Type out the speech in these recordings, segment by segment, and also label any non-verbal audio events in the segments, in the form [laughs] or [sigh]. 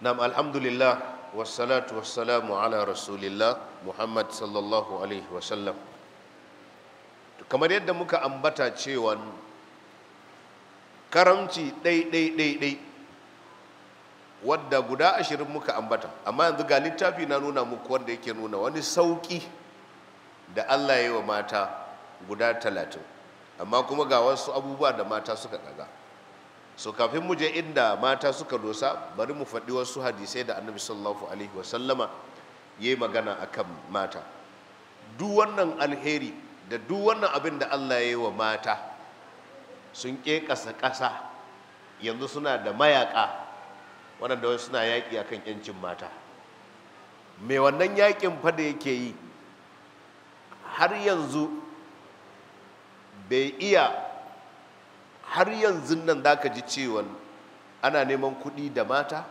nam alhamdulillah wassalatu wassalamu ala rasulillah muhammad sallallahu alaihi wasallam kamar yadda muka ambata cewa karamci ɗai-ɗai-ɗai wadda guda ashirin muka ambata amma yanzu ga littafi na nuna muku wanda yake nuna wani sauƙi da allah ya yi wa mata guda talatin amma kuma ga wasu abubuwa da mata suka ɗaga so kafin mu je inda mata suka dosa bari mu faɗi wasu hadisai da annabi sallallahu alaihi wasallama ya yi magana akan mata duk wannan alheri da duk wannan abin da allah ya yi wa mata sun kasa ƙasa yanzu suna da mayaƙa waɗanda suna yaƙi akan 'yancin mata Me wannan yaƙin fa da yake yi har yanzu bai iya har yanzu nan za ka ji cewa ana neman kuɗi da mata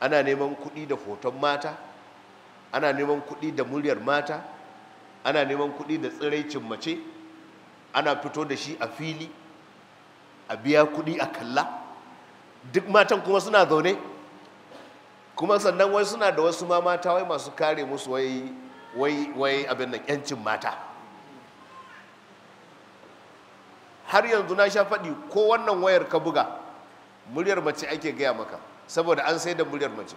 ana neman kuɗi da hoton mata ana neman kuɗi da muryar mata ana neman kuɗi da tsiraicin mace ana fito da shi a fili a biya kuɗi a kalla duk matan kuma suna zaune kuma sannan wai suna da wasu ma mata wai masu kare musu wai abin nan 'yancin mata har yanzu na sha faɗi ko wannan wayar ka buga muryar mace ake gaya maka saboda an sai da muryar mace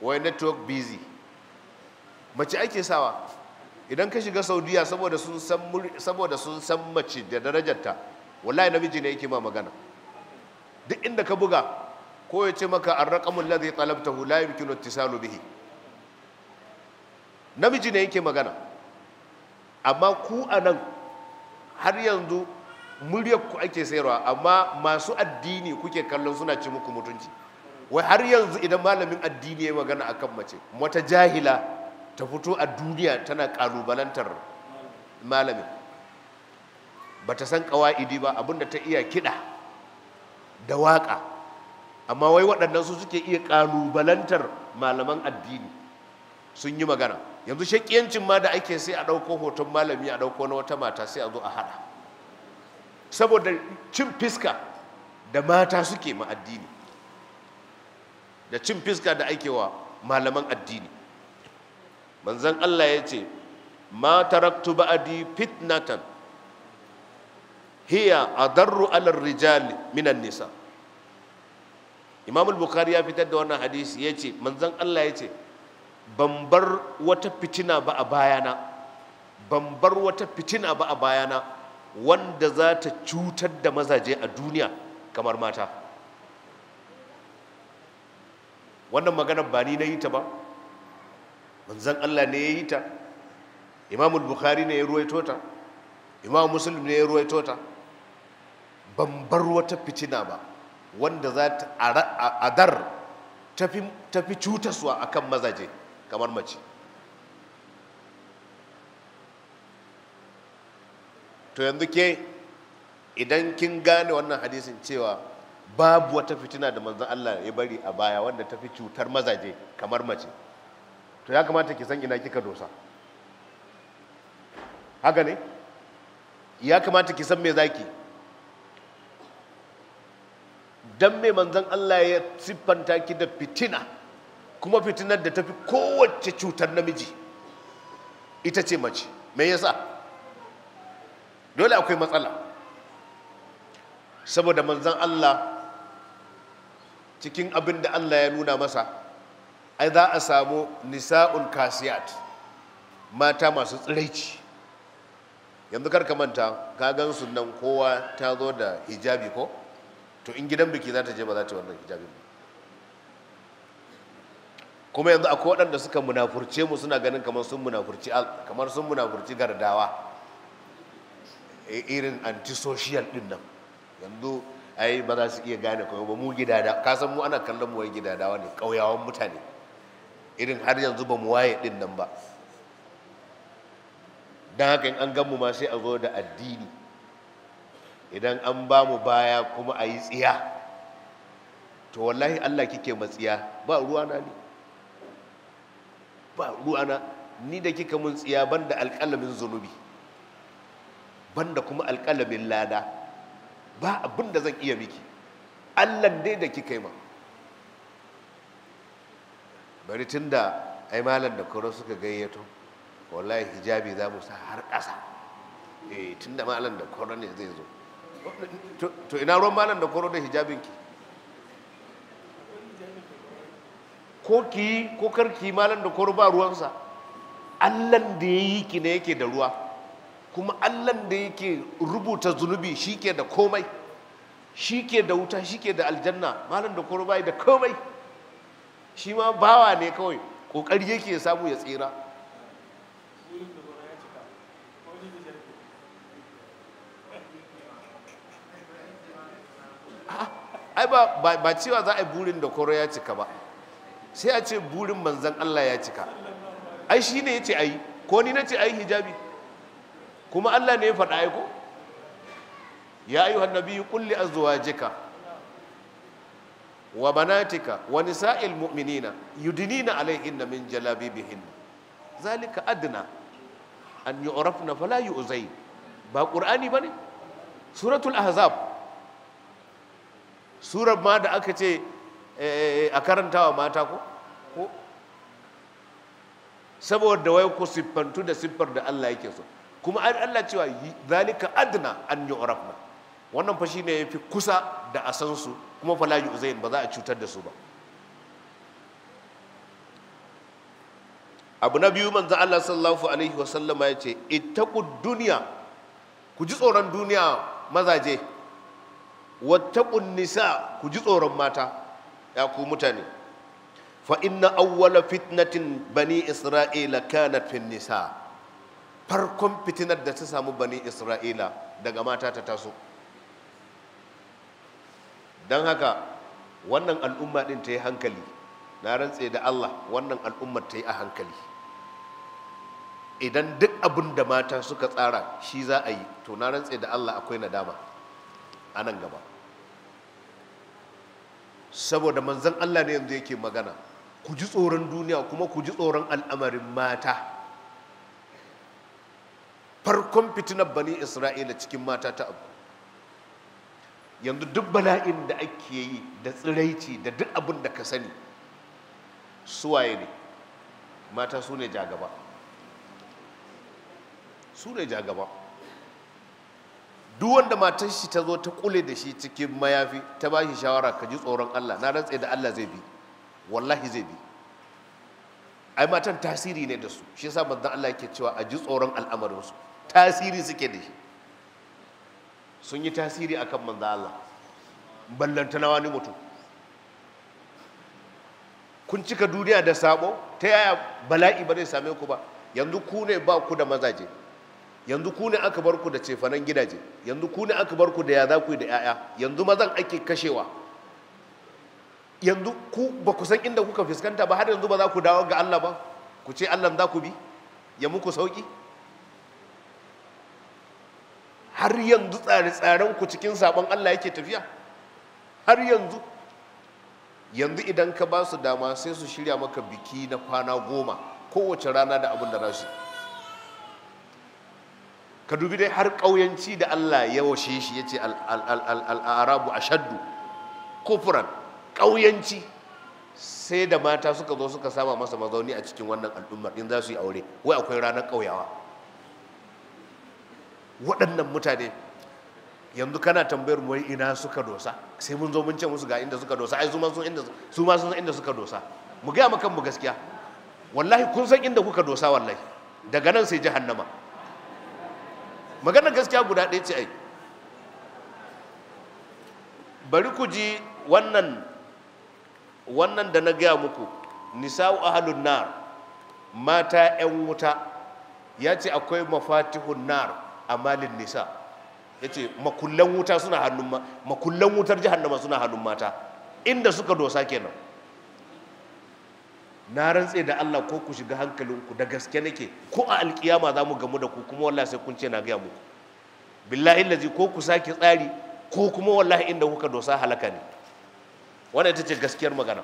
wai network busy mace ake sawa idan ka shiga saudiya saboda sun san mace da darajarta wallahi namiji ne yake ma magana duk inda ka buga ko ya ce maka an raƙamun ladhi talabtahu la yumkinu ittisalu bihi namiji ne yake magana amma ku a nan har yanzu muryar ku ake sayarwa amma masu addini kuke kallon suna ci muku mutunci wai har yanzu idan malamin addini ya magana akan mace wata jahila ta fito a duniya tana kalubalantar malamin ba ta san ƙawa'idi ba abinda ta iya kiɗa da waƙa amma wai waɗannan su suke iya kalubalantar malaman addini sun yi magana yanzu shaƙiyancin ma da ake sai a ɗauko hoton malami a ɗauko na wata mata sai a zo a haɗa saboda cin fiska da mata suke ma addini da cin fiska da ake wa malaman addini manzan Allah ya ce ma taraktu ba'adi fitnatan hiya adarru ala rijali minan nisa imamul bukhari ya fitar da wannan hadisi ya ce manzan Allah ya ce ban wata fitina ba a bayana ban wata fitina ba a bayana wanda za ta cutar da mazaje a duniya kamar mata wannan maganar ba ni na yi ta ba manzan Allah ne ya yi ta imamul bukhari ne ya ruwaito ta imam muslim ne ya ruwaito ta ban bar wata fitina ba wanda za ta adar tafi cutaswa kan mazaje kamar mace to yanzu ke idan kin gane wannan hadisin cewa babu wata fitina da manzon Allah ya bari a baya wanda ta fi cutar mazaje kamar mace to ya kamata ki san ina kika dosa haka ne ya kamata ki san me zaki dan me manzon Allah ya siffanta ki da fitina kuma fitinar da tafi kowace cutar namiji ita ce mace me yasa dole akwai matsala saboda manzan Allah cikin abin da Allah ya nuna masa ai za a samu nisa'un kasiyat mata masu tsiraici yanzu karka manta ka gan nan kowa ta zo da hijabi ko to in gidan biki za ta je ba za ta wannan hijabi ba kuma yanzu akwai waɗanda suka munafurce mu suna ganin kamar sun kamar sun munafurci gardawa Eh, irin antisocial din nan yanzu ai ba za su iya gane kuma ba mu gidada ka kasan mu ana kallon mu wai da wani kauyawan mutane irin har yanzu ba mu waye din nan ba don haka in an gan mu ma sai a zo da addini idan an ba mu baya kuma a yi tsiya to wallahi Allah kike matsiya ba na ne ba na ni da kika mun tsiya ban da alƙalamin zunubi banda kuma alƙalamin lada ba abin da zan iya miki allan dai da kika yi ma bari tun da ai malam da koro suka gayyato wallahi hijabi za mu sa har ƙasa eh tun da malam da koro ne zai zo to ina ruwan malam da koro da hijabinki ko ki ko karki malam da koro ba ruwansa allan da ya yi ki ne yake da ruwa kuma allan da yake rubuta zunubi shi ke da komai shi ke da wuta shi ke da aljanna malam da koro bai da komai shi ma bawa ne kawai kokari yake samu ya tsira ai ba cewa za a yi burin da koro ya cika ba sai a ce burin manzan allah ya cika ai shi ne ya ce ai ko ni na ce ai hijabi kuma Allah ne ya faɗa ya ko ya biyu kulle a zuwa jika wa banatika wa nisa'il mu'minina alaihin na min bihin zalika adna an yu'rafna fala uzai. ba qur'ani ne? suratul ahzab surar ma da aka ce eh, eh, a karantawa mata ko saboda wai ku siffantu da siffar da Allah yake so kuma Allah cewa zalika adna an yu'rafna wannan fa shine yafi kusa da a san su kuma fala yu'zain ba za a cutar da su ba abu na biyu manzo Allah sallallahu alaihi wa sallama yace ittaqud dunya ku ji tsoron duniya mazaje wattaqun nisa ku ji tsoron mata ya ku mutane fa inna awwala fitnatin bani isra'ila kanat fin nisa' farkon fitinar da ta samu bani isra'ila daga mata ta taso don haka wannan al'umma din ta yi hankali na rantse da allah wannan al'ummar ta yi a hankali idan duk abin da mata suka tsara shi za a yi to na rantse da allah akwai nadama a nan gaba saboda manzan allah ne yanzu yake magana ku ji tsoron duniya kuma ku ji tsoron al'amarin mata farkon fitinar bani isra'ila cikin mata ta abu yanzu duk bala'in da ake yi da tsiraici da duk abin da ka sani suwaye ne mata su ne jagaba su ne jagaba duk wanda matar shi ta zo ta kule da shi cikin mayafi ta ba shi shawara ka ji tsoron Allah na rantse da Allah zai bi wallahi zai bi ai matan tasiri ne da su shi yasa manzon Allah yake cewa a ji tsoron al'amarin su tasiri suke da sun yi tasiri akan manza Allah na wani mutum kun cika duniya da sabo ta yaya bala'i ba zai same ku ba yanzu ku ne ba ku da mazaje yanzu ku ne aka bar ku da cefanen gidaje yanzu ku ne aka bar ku da ya za ku da 'ya'ya yanzu mazan ake kashewa yanzu ku ba ku san inda kuka fuskanta ba har yanzu ba za ku dawo ga Allah ba ku ce Allah za ku bi ya muku sauki har yanzu tsare-tsaren ku cikin sabon Allah yake tafiya har yanzu yanzu idan ka ba su dama sai su shirya maka biki na kwana goma kowace rana da abin da rashi ka dubi dai har ƙauyanci da Allah ya washe shi ya ce al'arabu a shaddu kufuran ƙauyanci sai da mata suka zo suka sama masa mazauni a cikin wannan al'ummar in za su yi aure wai akwai ranar ƙauyawa waɗannan mutane yanzu kana tambayar mu ina suka dosa sai mun zo mun ce musu ga inda suka dosa ai su ma sun inda su ma sun inda suka dosa mu ga makan mu gaskiya wallahi kun san inda kuka dosa wallahi daga nan sai jahannama maganar gaskiya guda ɗaya ce ai bari ku ji wannan wannan da na gaya muku nisa'u ahlun nar mata 'yan wuta ya ce akwai mafatihun nar amalin nisa yace makullan wuta suna hannun makullan wutar jahannama suna hannun mata inda suka dosa kenan na rantse da Allah ko ku shiga hankalinku da gaske nake ko a alkiyama za mu gamu da ku kuma wallahi sai kun ce na gaya muku billahi lazi ko ku sake tsari ko kuma wallahi inda kuka dosa halaka ne wannan ita ce gaskiyar magana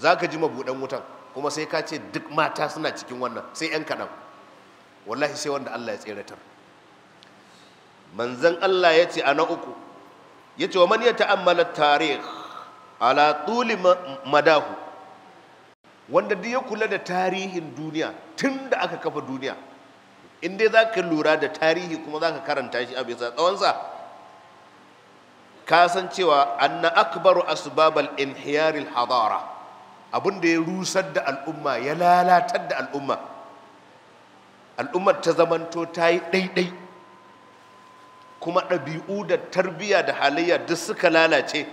za ka ji mabuɗan wutan kuma sai ka ce duk mata suna cikin wannan sai 'yan kaɗan wallahi sai wanda Allah ya tseratar Manzan Allah ya ce ana uku ya ce wa man ya ta'ammala tarikh ala tuli madahu wanda duk ya kula da tarihin duniya tun da aka kafa duniya in dai za ka lura da tarihi kuma za ka karanta shi a bisa tsawonsa kasan cewa anna akbaru asbabal inhiyaril hadara abin da ya rusar da al'umma ya lalatar da al'umma al'ummar ta zamanto ta yi ɗaiɗai kuma ɗabi'u da tarbiyya da halayya duk suka lalace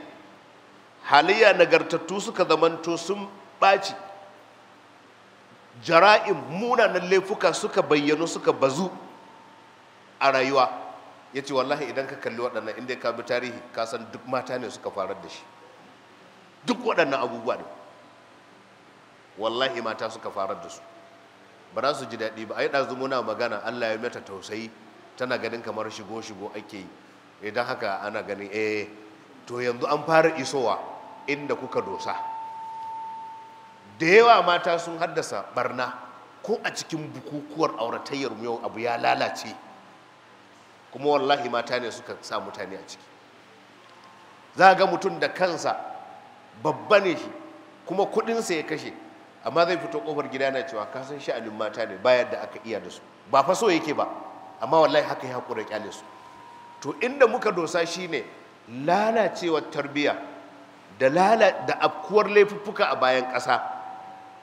halayya nagartattu suka zamanto sun ɓaci jara'in munanan laifuka suka bayyano suka bazu a rayuwa ya ce wallahi idan ka kalli waɗannan inda ka bi tarihi ka san duk mata ne suka farar da shi duk waɗannan abubuwa ne wallahi mata suka farar da su ba za su ji daɗi ba ai ɗazu muna magana allah ya mata tausayi tana ganin kamar shigo shigo ake yi idan eh, haka ana ganin eh to yanzu an fara isowa inda kuka dosa da yawa mata sun haddasa barna ko a cikin bukukuwar auratayyar yau abu ya lalace kuma wallahi mata ne suka sa mutane a ciki za ga mutum da kansa babba ne shi kuma kudinsa ya kashe amma zai fito kofar gida na cewa ka san sha'anin mata ne bayan da aka iya da su ba fa so yake ba amma wallahi haka ya hakura kyale su to inda muka dosa shine lalacewar tarbiyya da lala da afkuwar laifuffuka a bayan ƙasa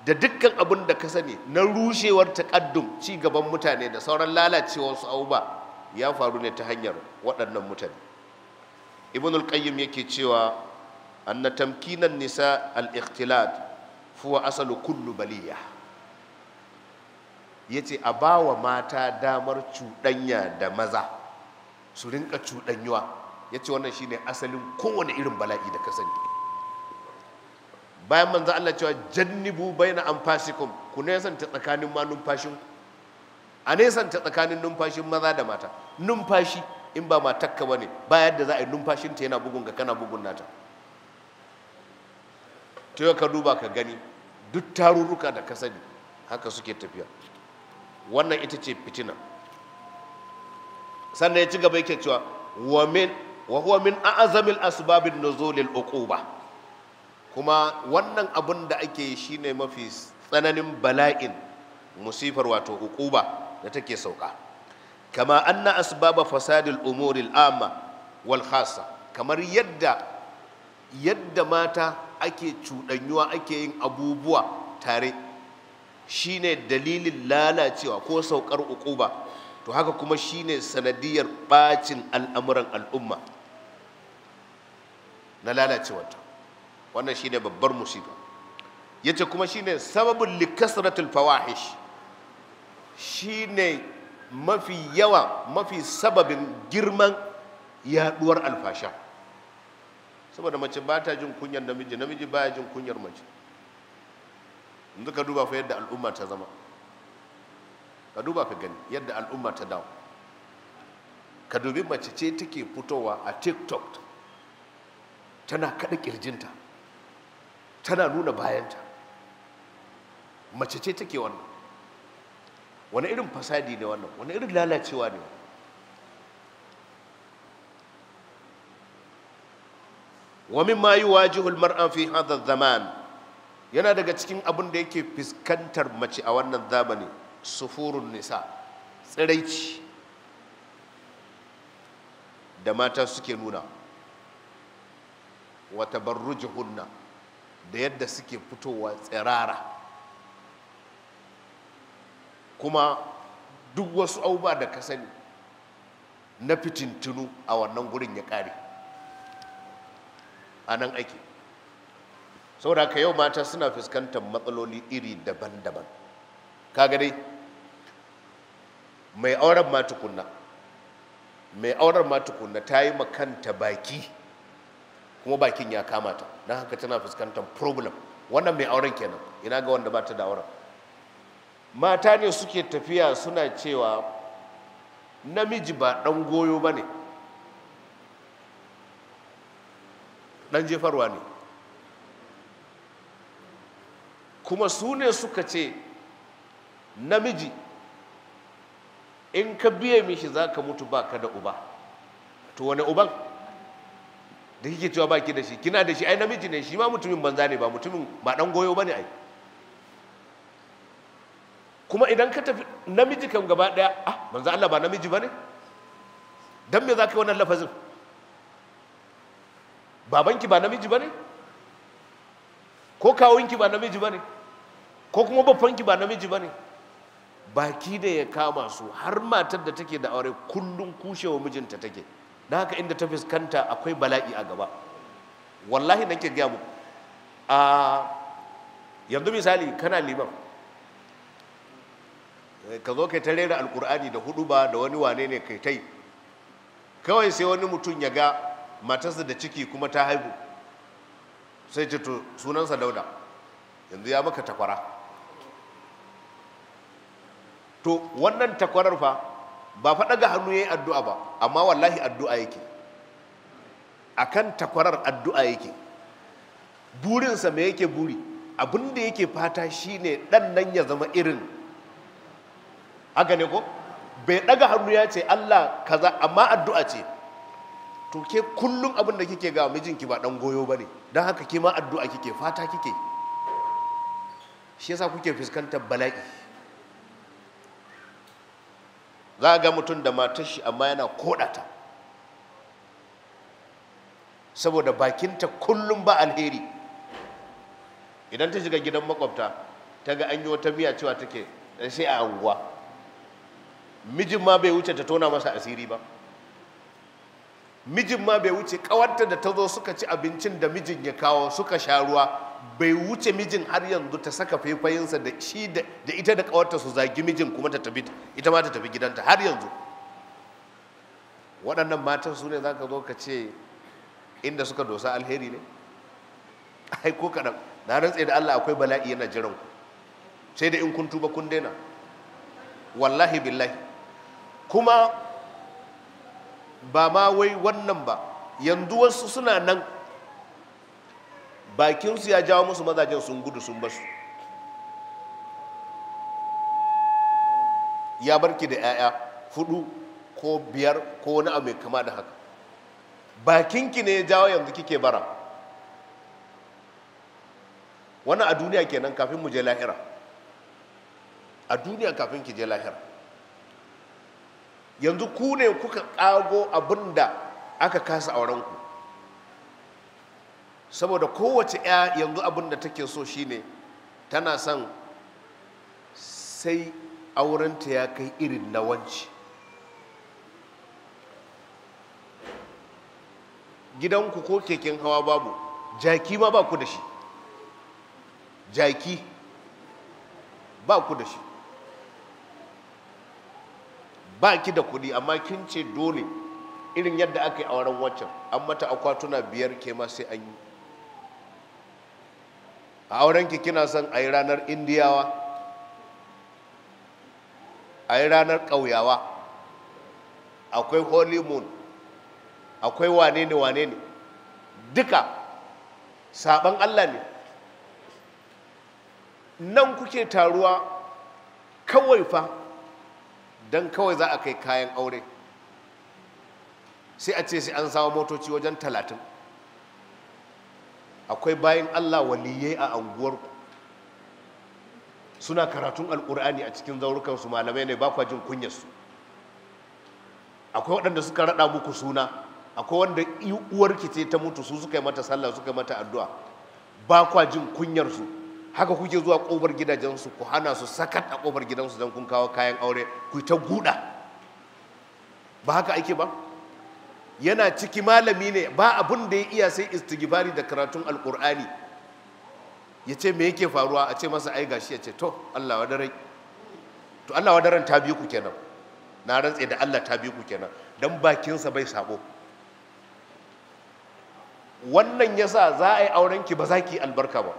da dukkan abin da ka sani na rushewar takaddum ci gaban mutane da sauran lalacewar su auba ya faru ne ta hanyar waɗannan mutane ibnul qayyim yake cewa anna tamkinan nisa al-ikhtilat huwa asalu kullu baliya ya a ba wa mata damar cuɗanya da maza su rinka cuɗanyuwa ya ce wannan shine asalin kowane irin bala'i da ka sani bayan manzo Allah cewa jannibu baina anfasikum ku nesanta tsakanin ma numfashin a nesanta tsakanin numfashin maza da mata numfashi in ba matakka bane ba da za a yi numfashinta yana bugun ka kana bugun nata ta ka duba ka gani duk tarurruka da ka sani haka suke tafiya wannan ita ce fitina sannan ya ci gaba yake cewa wa min wa huwa min a'zamil asbabin nuzulil uquba kuma wannan abun da ake yi shine mafi tsananin bala'in musifar wato uquba da take sauka kama anna asbaba fasadil umuril amma wal khassa kamar yadda yadda mata ake cuɗanyuwa ake yin abubuwa tare shine dalilin lalacewa ko saukar ukuba to haka kuma shine sanadiyar bacin al'amuran al'umma na lalacewarta wannan shine babbar musiba yace kuma shine sababin likasratul fawahish shine mafi yawa mafi sababin girman yaduwar alfasha saboda mace ba ta jin kunyar namiji namiji ba ya jin kunyar mace yanzu ka duba fa yadda al'umma ta zama ka duba ka gani yadda al'umma ta dawo ka dubi mace ce take fitowa a tiktok tana kada kirjinta tana nuna bayanta mace ce take wannan wani irin fasadi ne wannan wani irin lalacewa ne wannan wa mimma yuwajihul mar'an fi hadha zaman yana daga cikin abin da yake fuskantar mace a wannan zamani sufurun nisa tsiraici da mata suke nuna wa tabarrujuhunna da yadda suke fitowa tsirara kuma duk wasu auba da ka sani na fitintunu a wannan gurin ya ƙare a nan ake saboda haka yau mata suna fuskantar matsaloli iri daban-daban Ka dai mai auren matukunna mai auren ma ta yi makanta baki kuma bakin ya kama ta. don haka tana fuskantar problem wannan mai auren kenan ina ga wanda ba ta da auren mata ne suke tafiya suna cewa namiji ba ɗan goyo ba ne dan jefarwa ne kuma su ne suka ce namiji in ka biye mishi za ka mutu ba ka da uba to wani uban da kike cewa ba ki da shi kina da shi ai namiji ne shi ma mutumin banza ne ba mutumin ba dan goyo ba ne ai kuma idan ka tafi namiji kan gaba daya ah banza Allah ba namiji ba ne dan me za ka yi wannan lafazin babanki ba namiji ba ne ko kawunki ba namiji ba ne ko kuma babbanki ba namiji ba ne baki da ya kama su har matar da take da aure kullum kushewa mijinta take da haka inda ta fuskanta akwai bala'i a gaba wallahi nake gaya muku a yanzu misali kana liman eh, ka zo kai ta rera alkur'ani da hudu ba da wani wane ne kai tai kawai sai wani mutum ya ga matarsa da ciki kuma ta haihu sai ce to sunansa dauda yanzu ya maka takwara to wannan takwarar fa ba fa ɗaga hannu ya yi addu'a ba amma wallahi addu'a yake kan takwarar addu'a yake burinsa me yake buri abin da yake fata shi dan nan ya zama irin haka ne ko bai ɗaga hannu ya ce Allah kaza amma addu'a ce to ke kullum abin da kike ga mijinki ba dan goyo bane dan haka ke ma addu'a kike fata kike shi yasa kuke fuskantar bala'i za ga mutum da matar shi amma yana kodata saboda bakinta kullum ba alheri idan ta shiga gidan makwabta ta ga an yi wata miya cewa take sai a anguwa mijin ma bai wuce ta tona masa asiri ba mijin ma bai wuce kawarta da ta zo suka ci abincin da mijin ya kawo suka sha ruwa bai wuce mijin har yanzu ta saka faifayinsa da shi da ita da kawarta su zagi mijin kuma ta tafi ita ma ta tafi gidanta har yanzu waɗannan matan su ne za ka zo ka ce inda suka dosa alheri ne ai ko kaɗan na rantse da Allah akwai bala'i yana jiran ku sai da in kun tuba kun daina wallahi billahi kuma ba ma wai wannan ba yanzu wasu suna nan bakinsu ya jawo musu mazajen sun gudu sun basu ya barki da 'ya'ya hudu ko biyar ko wani abu mai kama da haka bakinki ne ya jawo yanzu kike bara wannan a duniya kenan kafin mu je lahira a duniya kafin ki je lahira yanzu ku ne kuka ƙago abin da aka kasa ku? saboda kowace ya yanzu abin da take so shine tana son sai aurenta ya kai irin na wanci gidanku ko keken hawa babu jaki ma ba ku da shi jaki ba ku da shi ba ki da kuɗi amma kin ce dole irin yadda aka yi a wurin waccan an mata akwatuna biyar ke ma sai an yi a aurenki kina son a yi ranar indiyawa a yi ranar ƙauyawa akwai holy moon akwai wane ne wane ne duka saban allah ne nan kuke taruwa kawai fa don kawai za a kai kayan aure sai a ce sai an samu motoci wajen talatin akwai bayan allah waliyai a anguwar suna karatun Alƙur'ani a cikin zaurukansu malamai ne ba jin kunyarsu akwai waɗanda suka raɗa muku suna akwai wanda uwarki ce ta mutu su suka yi mata sallah suka yi mata addu'a ba jin kunyarsu haka kuke zuwa kofar gidajensu ku hana su sakat a kofar gidansu don kun kawo kayan aure ku ta guda ba haka ake ba yana ciki malami ne ba abin da ya iya sai istighfari da karatun alkur'ani ya ce me yake faruwa a ce masa ai gashi ya ce to Allah wa daren to Allah wa daren ta biyu ku kenan na rantse da Allah ta biyu ku kenan dan bakinsa bai sabo wannan yasa za a yi aurenki ba za ki albarka ba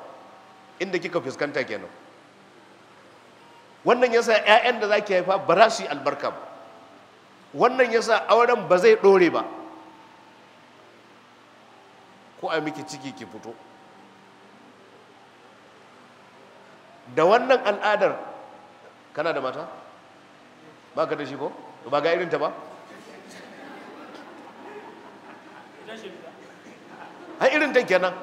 inda kika fuskanta kenan wannan yasa ƴaƴan da zaki haifa ba za su yi albarka ba wannan yasa auren ba zai ɗore ba ko a miki ciki ki fito da wannan al'adar kana da mata ba ka da shi ko ba ga irinta ba irin irinta kenan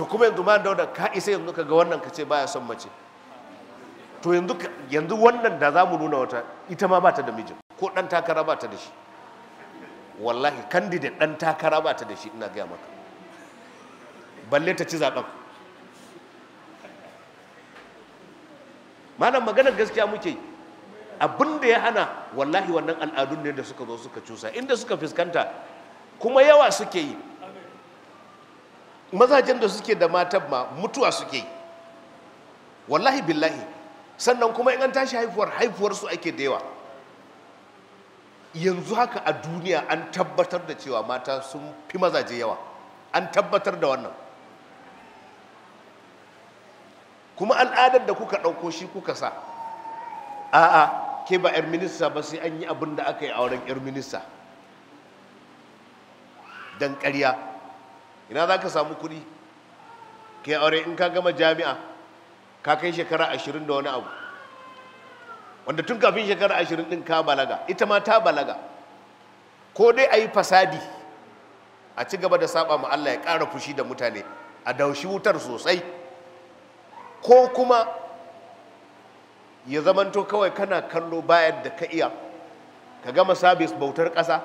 to kuma yanzu ma dauda ka isa yanzu ka ga wannan ka ce baya son mace to yanzu yanzu wannan da za mu nuna wata ita ma bata da mijin ko dan takara bata da shi wallahi candidate dan takara bata da shi ina gaya maka balle ta ci zaben malam maganar gaskiya muke abin da ya hana wallahi wannan al'adun ne da suka zo suka cusa inda suka fuskanta kuma yawa suke yi mazajen da suke da matan ma mutuwa suke wallahi billahi sannan kuma in an tashi haifuwar haifuwar su ake da yawa yanzu haka a duniya an tabbatar da cewa mata sun fi mazaje yawa an tabbatar da wannan kuma al'adar da kuka ɗauko shi kuka sa a'a ke ba 'yar minista ba sai an yi abin da aka yi a wurin 'yar minista don ƙarya ina za ka samu kuɗi ke aure in ka gama jami'a ka kai shekara ashirin da wani abu wanda tun kafin shekara ashirin ɗin ka balaga ita ma ta balaga ko dai a yi fasadi a ci gaba da saba ma Allah ya ƙara fushi da mutane a daushi wutar sosai ko kuma ya zamanto kawai kana kallo bayar da ka iya ka gama sabis bautar ƙasa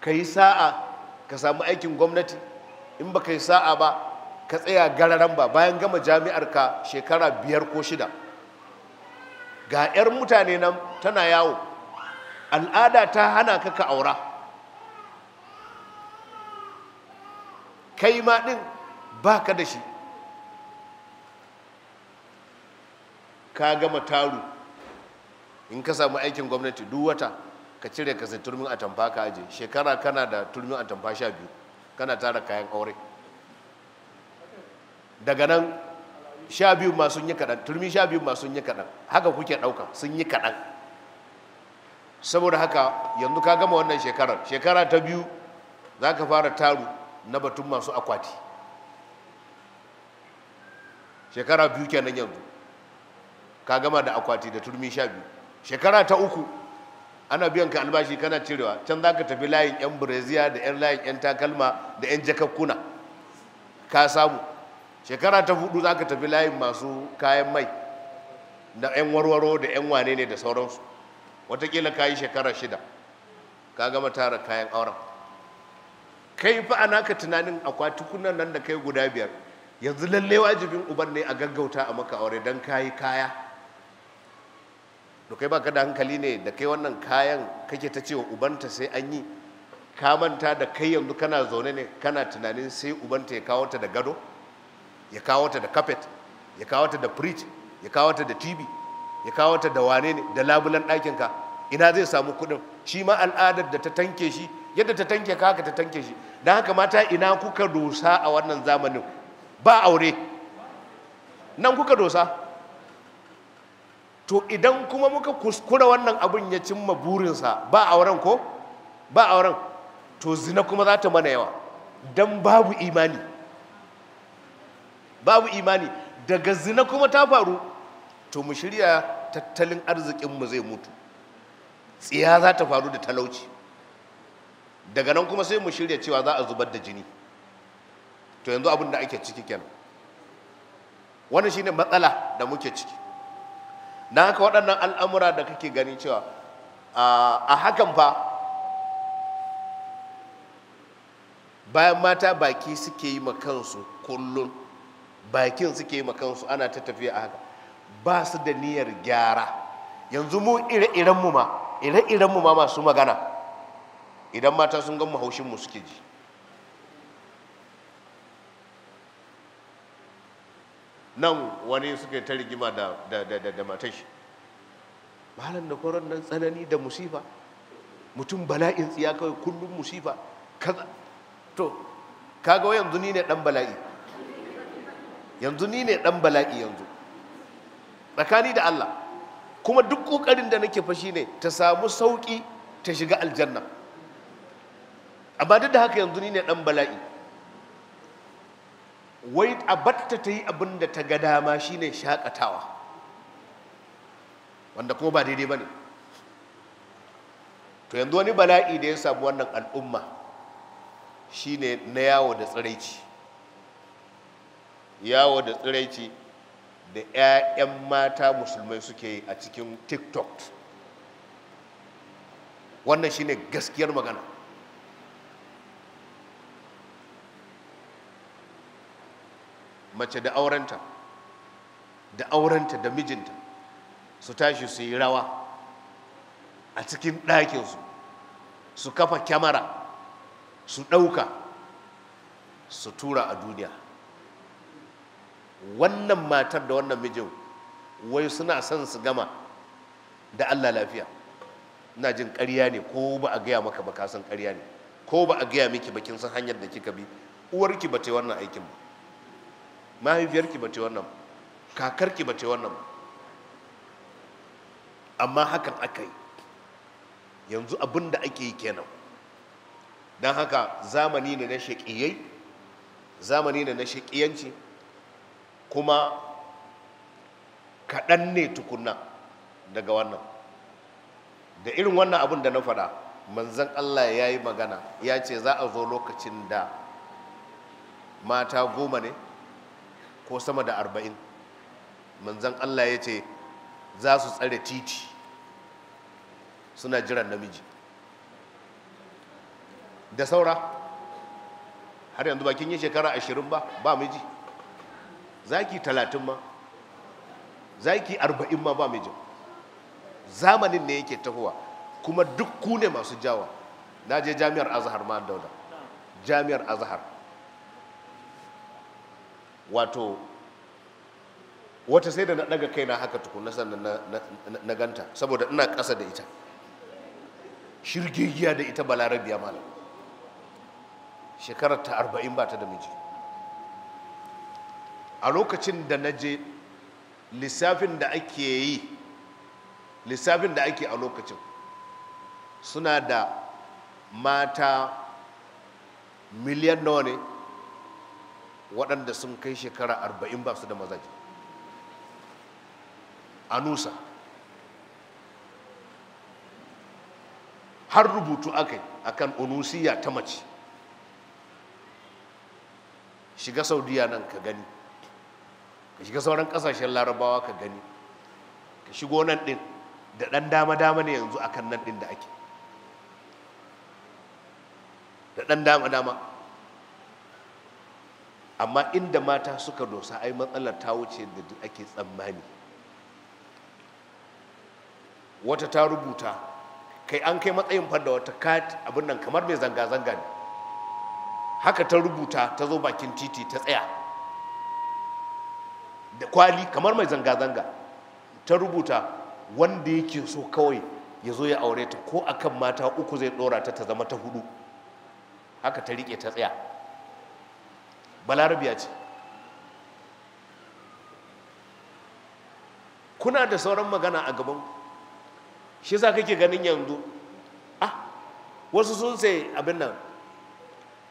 ka yi sa'a ka samu aikin gwamnati in baka yi sa'a ba ka tsaya gararan ba bayan gama jami'ar ka shekara biyar ko shida ga 'yar mutane nan tana yawo al'ada ta hana ka ka aura kai ma ɗin ba ka da shi ka gama taru in ka samu aikin gwamnati duk wata ka cire ka zai turmin atamfa ka aje shekara kana da turmin atamfa sha biyu kana tara kayan aure daga nan sha biyu ma sun yi kaɗan turmi sha biyu ma sun yi kaɗan haka kuke ɗauka sun yi kaɗan saboda haka yanzu ka gama wannan shekarar shekara ta biyu za ka fara taru na batun masu akwati shekara biyu kenan yanzu ka gama da akwati da turmi sha biyu shekara ta uku ana biyan ka albashi kana cirewa can za ka tafi layin 'yan bureziya da 'yan layin 'yan takalma da 'yan jakakkuna ka samu shekara ta hudu za ka tafi layin masu kayan mai da 'yan warwaro da 'yan wane ne da sauransu watakila ka yi shekara shida ka gama tara kayan auren kai fa'a naka ka tunanin akwatukunan nan da kai guda biyar yanzu lallai wajibin uban ne a gaggauta a maka aure don ka yi kaya da kai baka da hankali ne da kai wannan kayan kake ta cewa ubanta sai an yi ka manta da kai yanzu kana zaune ne kana tunanin sai ubanta ya kawo ta da gado ya kawo ta da carpet ya kawo ta da fridge ya kawo ta da tv ya kawo ta da wane ne da labulan ɗakin ka ina zai samu kuɗin shi ma al'adar da ta tanke shi yadda ta tanke ka haka ta tanke shi don haka mata ina kuka dosa a wannan zamanin ba aure nan kuka dosa to idan kuma muka kuskura wannan abin ya cimma burinsa ba auren ko ba auren to zina kuma za ta mana yawa don babu imani babu imani daga zina kuma ta faru to mu shirya tattalin arzikinmu zai mutu tsiya za ta faru da talauci daga nan kuma sai mu shirya cewa za a zubar da jini to yanzu abin da ake ciki kenan wannan shine matsala da muke ciki na haka waɗannan al'amura da kake gani cewa a hakan fa bayan mata baki suke yi kansu kullum bakin suke yi kansu ana ta tafiya a haka ba su da niyyar gyara yanzu mu ire-irenmu ma ire-irenmu ma masu magana idan mata sun gan mu suke ji nan wani suka ta rigima da da matar shi malam da koron nan tsanani da musifa mutum bala'in tsiya kawai kullum musifa kaza to kaga yanzu ni ne dan bala'i yanzu ni ne dan bala'i yanzu tsakani da Allah kuma duk kokarin da nake fashi ne ta samu sauki ta shiga aljanna amma duk da haka yanzu ni ne dan bala'i wai a batta ta yi abin da ta ga dama shine shakatawa wanda kuma ba daidai ba ne to yanzu wani bala'i da ya samu wannan al'umma shine na yawo da tsiraici yawo da tsiraici da 'ya'yan mata musulmai suke yi a cikin tiktok wannan shine gaskiyar magana mace da aurenta da aurenta da mijinta su tashi su yi rawa a cikin ɗakinsu su kafa kyamara su ɗauka su tura a duniya wannan matar da wannan mijin wai suna son su gama da allah lafiya ina jin ƙarya ne ko ba a gaya maka ba kasan ƙarya ne ko ba a gaya miki bakin san hanyar da kika bi uwarki ba ta yi wannan aikin ba mahaifiyarki ba ce wannan kakarki ba ce wannan amma hakan aka yi yanzu abin da ake yi kenan don haka zamani ne na shaƙiyai zamani ne na shaƙiyanci kuma kaɗan ne tukunna daga wannan da irin wannan abin da na faɗa manzan Allah ya yi magana ya ce za a zo lokacin da mata goma ne ko sama da arba'in manzan allah ya ce za su tsare titi suna jiran namiji da saura har yanzu bakin yi shekara ashirin ba ba miji zaki talatin ma zaki arba'in ma ba miji. zamanin ne yake tahowa kuma duk kune masu jawa na je jami'ar azahar ma dauda jami'ar azahar wato wata sai da na daga kaina haka na sannan na ganta saboda ina ƙasa da ita shirgegiya da ita balarabiya malam shekarar ta arba'in ba ta da miji a lokacin da na je lissafin da ake yi lissafin da ake a lokacin suna da mata miliyan nawa ne waɗanda sun kai shekara arba'in ba su da mazaji a nusa har rubutu aka yi akan Onusiya ta mace shiga saudiya nan ka gani ka shiga sauran kasashen larabawa ka gani ka shigo nan ɗin da ɗan dama-dama ne yanzu akan nan ɗin da ake da ɗan dama-dama amma inda mata suka dosa ai matsalar ta wuce da ake tsammani wata ta rubuta kai an kai matsayin fadda wata kat abin nan kamar mai zanga-zanga ne haka ta rubuta ta zo bakin titi ta tsaya da kwali kamar mai zanga-zanga ta rubuta wanda yake so kawai ya zo ya aure ta ko akan mata uku zai dora ta ta zama ta hudu haka ta riƙe ta tsaya balarabiya ce kuna da sauran magana a gaban shi sa kake ganin yanzu ah wasu sun sai abin nan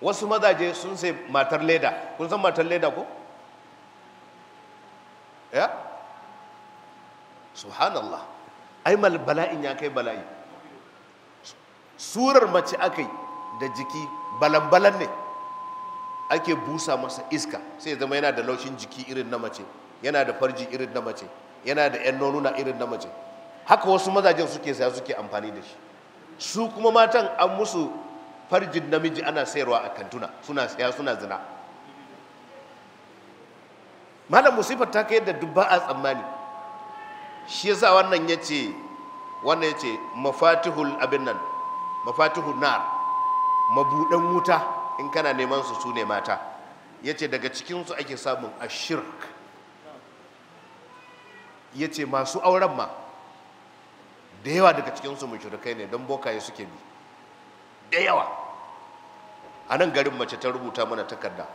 wasu mazaje sun sai matar leda kun san matar leda ko ya subhanallah ai mal bala'in ya kai bala'i surar mace akai da jiki balan-balan ne ake busa masa iska sai zama yana da laushin jiki irin na mace yana da farji irin na mace yana da yan nonuna irin na mace haka wasu mazajen suke saya suke amfani da shi su kuma matan an musu farjin namiji ana sayarwa a kantuna suna saya suna zina malam musifar ta kai da dubba a tsammani shi yasa wannan ya ce wannan ya ce mafatihul abin nan mafatihul nar mabuɗan wuta in kana neman su su ne mata ya ce daga cikinsu ake samun ashirk ya ce masu auren ma da yawa daga cikinsu mushrikai ne don bokaye suke bi da yawa a nan garin mace ta rubuta mana takarda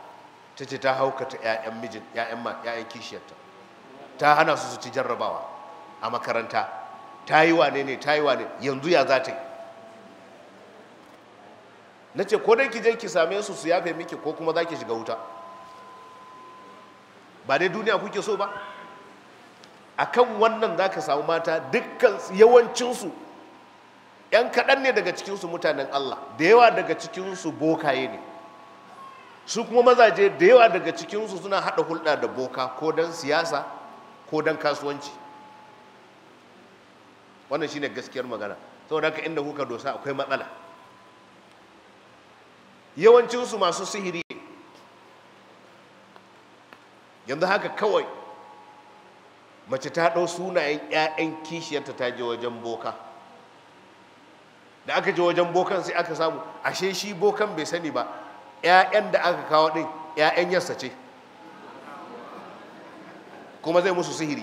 ta ce ta haukata 'ya'yan mijin 'ya'yan kishiyarta ta hana su su ci jarrabawa a makaranta ta yi wane ne ta yi wane yanzu ya za ta yi na ce ko dai ki je ki same su su yafe miki ko kuma za ki shiga wuta ba dai duniya kuke so ba A kan wannan za ka samu mata dukkan yawancinsu 'yan kaɗan ne daga cikinsu mutanen Allah da yawa daga cikinsu bokaye ne su kuma mazaje da yawa daga cikinsu suna haɗa hulɗa da boka ko don siyasa ko don kasuwanci wannan shine gaskiyar magana saboda haka inda kuka dosa akwai matsala yawancinsu masu sihiri yanzu haka kawai mace ta ɗau sunayen 'ya'yan kishiyarta ta je wajen boka da aka je wajen bokan sai aka samu ashe shi bokan bai sani ba 'ya'yan da aka kawo ɗin 'ya'yan yarsa ce kuma zai musu sihiri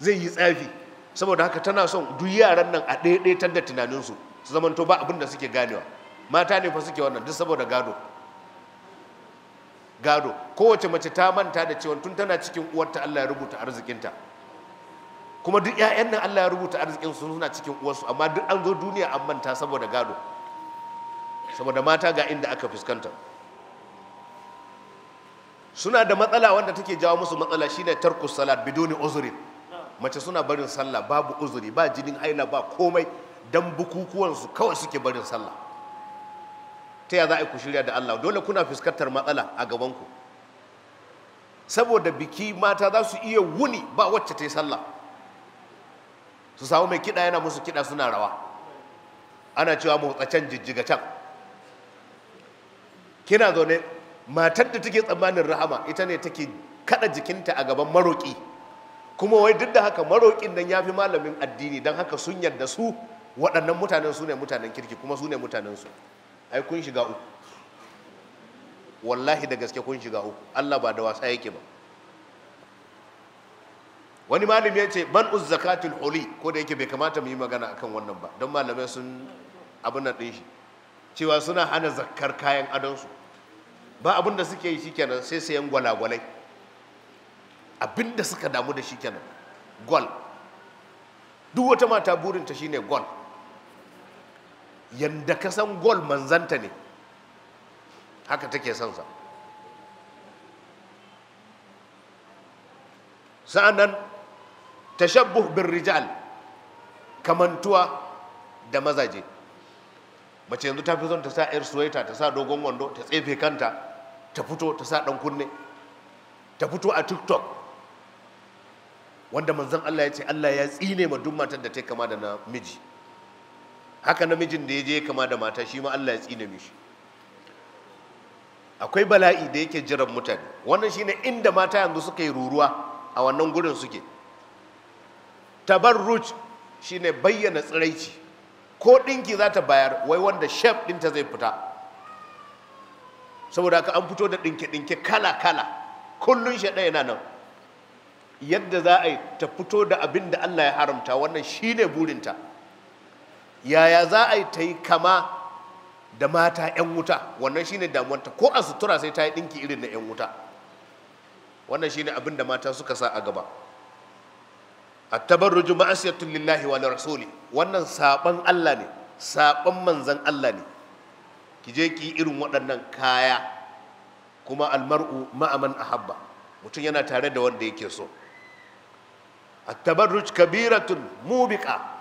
zai yi tsafi saboda haka tana son duk yaran nan a ɗaiɗaitar da tunaninsu su to ba abin da suke ganewa mata ne fa suke wannan duk saboda gado gado kowace mace ta manta da cewa tun tana cikin uwarta Allah ya rubuta arzikinta kuma duk 'ya'yan nan Allah ya rubuta arzikin su suna cikin uwarsu amma duk an zo duniya an manta saboda gado saboda mata ga inda aka fuskanta suna da matsala wanda take jawo musu matsala shine tarkus salat biduni uzuri mace suna barin sallah babu uzuri ba jinin aina ba komai don bukukuwansu kawai suke barin sallah ta ya za a yi ku shirya da Allah dole kuna fuskantar matsala a gabanku saboda biki mata za su iya wuni ba wacce ta yi sallah su samu mai kiɗa yana musu kiɗa suna rawa ana cewa motsa can jijjiga can kina zaune matar da take tsammanin rahama ita ne take kada jikinta a gaban maroƙi kuma wai duk da haka maroƙin nan ya fi malamin addini don haka sun yarda su waɗannan mutanen su ne mutanen kirki kuma su ne mutanensu ai kun shiga uku wallahi da gaske kun shiga uku Allah ba da wasa yake ba wani malami ya ce ban uz zakatul huli ko da yake bai kamata mu yi magana akan wannan ba don malamai sun abin nan ɗin shi cewa suna hana zakkar kayan adonsu ba abin da suke yi shikenan sai sayan gwalagwalai abin da suka damu da shikenan gwal duk wata mata burinta shine gwal yanda ka san gol manzanta ne haka take son sa sa'annan tashabbuh bin rijal kamantuwa da mazaje mace yanzu ta fi son ta sa yar suwaita ta sa dogon wando ta tsefe kanta ta fito ta sa dan kunne ta fito a tiktok wanda manzon Allah ya ce Allah ya tsine ma duk matar da ta kama da namiji miji haka namijin da ya je kama da mata shi ma Allah ya tsina mishi akwai bala'i da yake jiran mutane wannan shine inda mata yanzu suka yi ruruwa a wannan gurin suke tabarruj shine bayyana tsiraici ko ɗinki za ta bayar wai wanda shef ɗinta zai fita saboda haka an fito da ɗinke-ɗinke kala-kala kullun ɗaya na nan yadda za a yi ta fito da abin da Allah ya haramta wannan shine burinta yaya za a yi ta yi kama da mata 'yan wuta wannan shine damuwarta ko a sutura sai ta yi ɗinki irin na 'yan wuta wannan shine abin da mata suka sa a gaba at-tabarruju ma'asiyatun lillahi wa rasuli wannan saban Allah ne saban manzan Allah ne ki je ki irin waɗannan kaya kuma almar'u ma'aman ahabba mutum yana tare da wanda yake so A tabarruj kabiratun mubiqa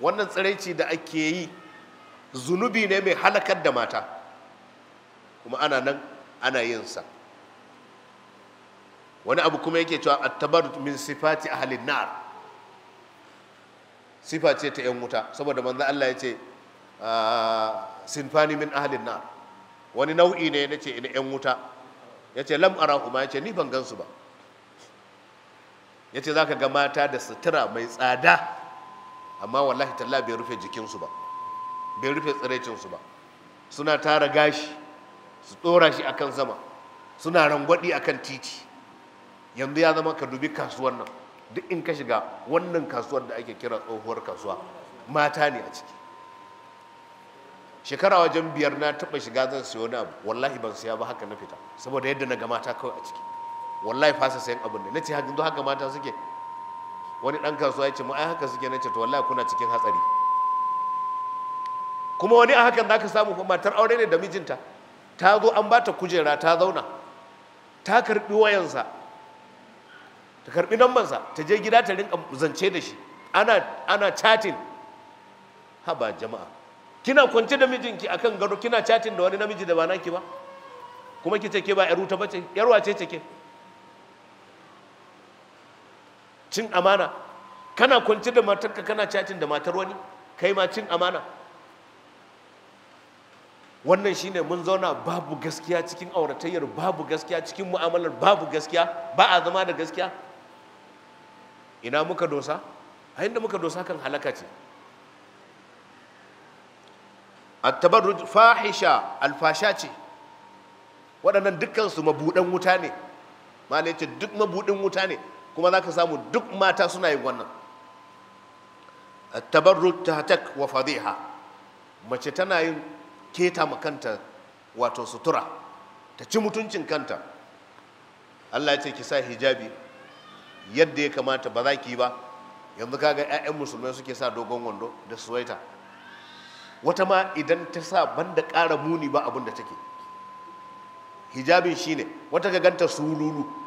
wannan tsiraici da ake yi zunubi ne mai halakar da mata kuma ana nan ana yinsa wani abu kuma yake cewa attabarut min sifati ahlin nar sifa ce ta yan wuta saboda manzo Allah ya ce ah, sinfani min ahlin nar wani nau'i ne na ce ina yan wuta ya ce lam Kuma ya ce ni ban gansu ba ya ce za ka ga mata da sutura mai tsada amma wallahi talla bai rufe jikinsu ba bai rufe tsiraicinsu ba suna tara gashi su tsora shi akan sama suna rangwaɗi akan titi yanzu ya zama ka dubi kasuwar nan duk in ka shiga wannan kasuwar da ake kira tsohuwar kasuwa mata ne a ciki shekara wajen biyar na taɓa shiga zan siyo na abu wallahi ban siya ba haka na fita saboda yadda na ga mata kawai a ciki wallahi fasa sayan abin da na ce yanzu haka mata suke wani ɗan kasuwa ya ce mu ai haka suke na to wallahi kuna cikin hatsari kuma wani a hakan zaka ka samu matar aure ne da mijinta ta zo an bata kujera ta zauna ta karɓi wayansa ta karɓi nambansa ta je gida ta rinka zance da shi ana chatin haba jama'a kina kwance da mijinki akan gado kina chatin da wani namiji da ba naki ba kuma kice ke ba yar wuta bace yarwa ce ce ke cin amana kana kwanci da matarka kana cacin da matar wani kai ma cin amana wannan shine mun zauna babu gaskiya cikin auratayyar babu gaskiya cikin mu'amalar babu gaskiya ba a zama da gaskiya ina muka dosa a inda muka dosa kan halaka ce at fahisha alfasha ce waɗannan dukkan su mabuɗin wuta ne malai ce duk mabuɗin wuta ne kuma za ka samu duk mata suna yin wannan tabarru hatak wa fadiha mace tana yin keta makanta wato sutura ta ci mutuncin kanta Allah ya ce ki sa hijabi yadda ya kamata ba za ki yi ba yanzu kaga 'ya'yan musulmai suke sa dogon wando da suwaita wata ma idan ta sa banda ƙara muni ba abin da take hijabin shine wata ga ganta sululu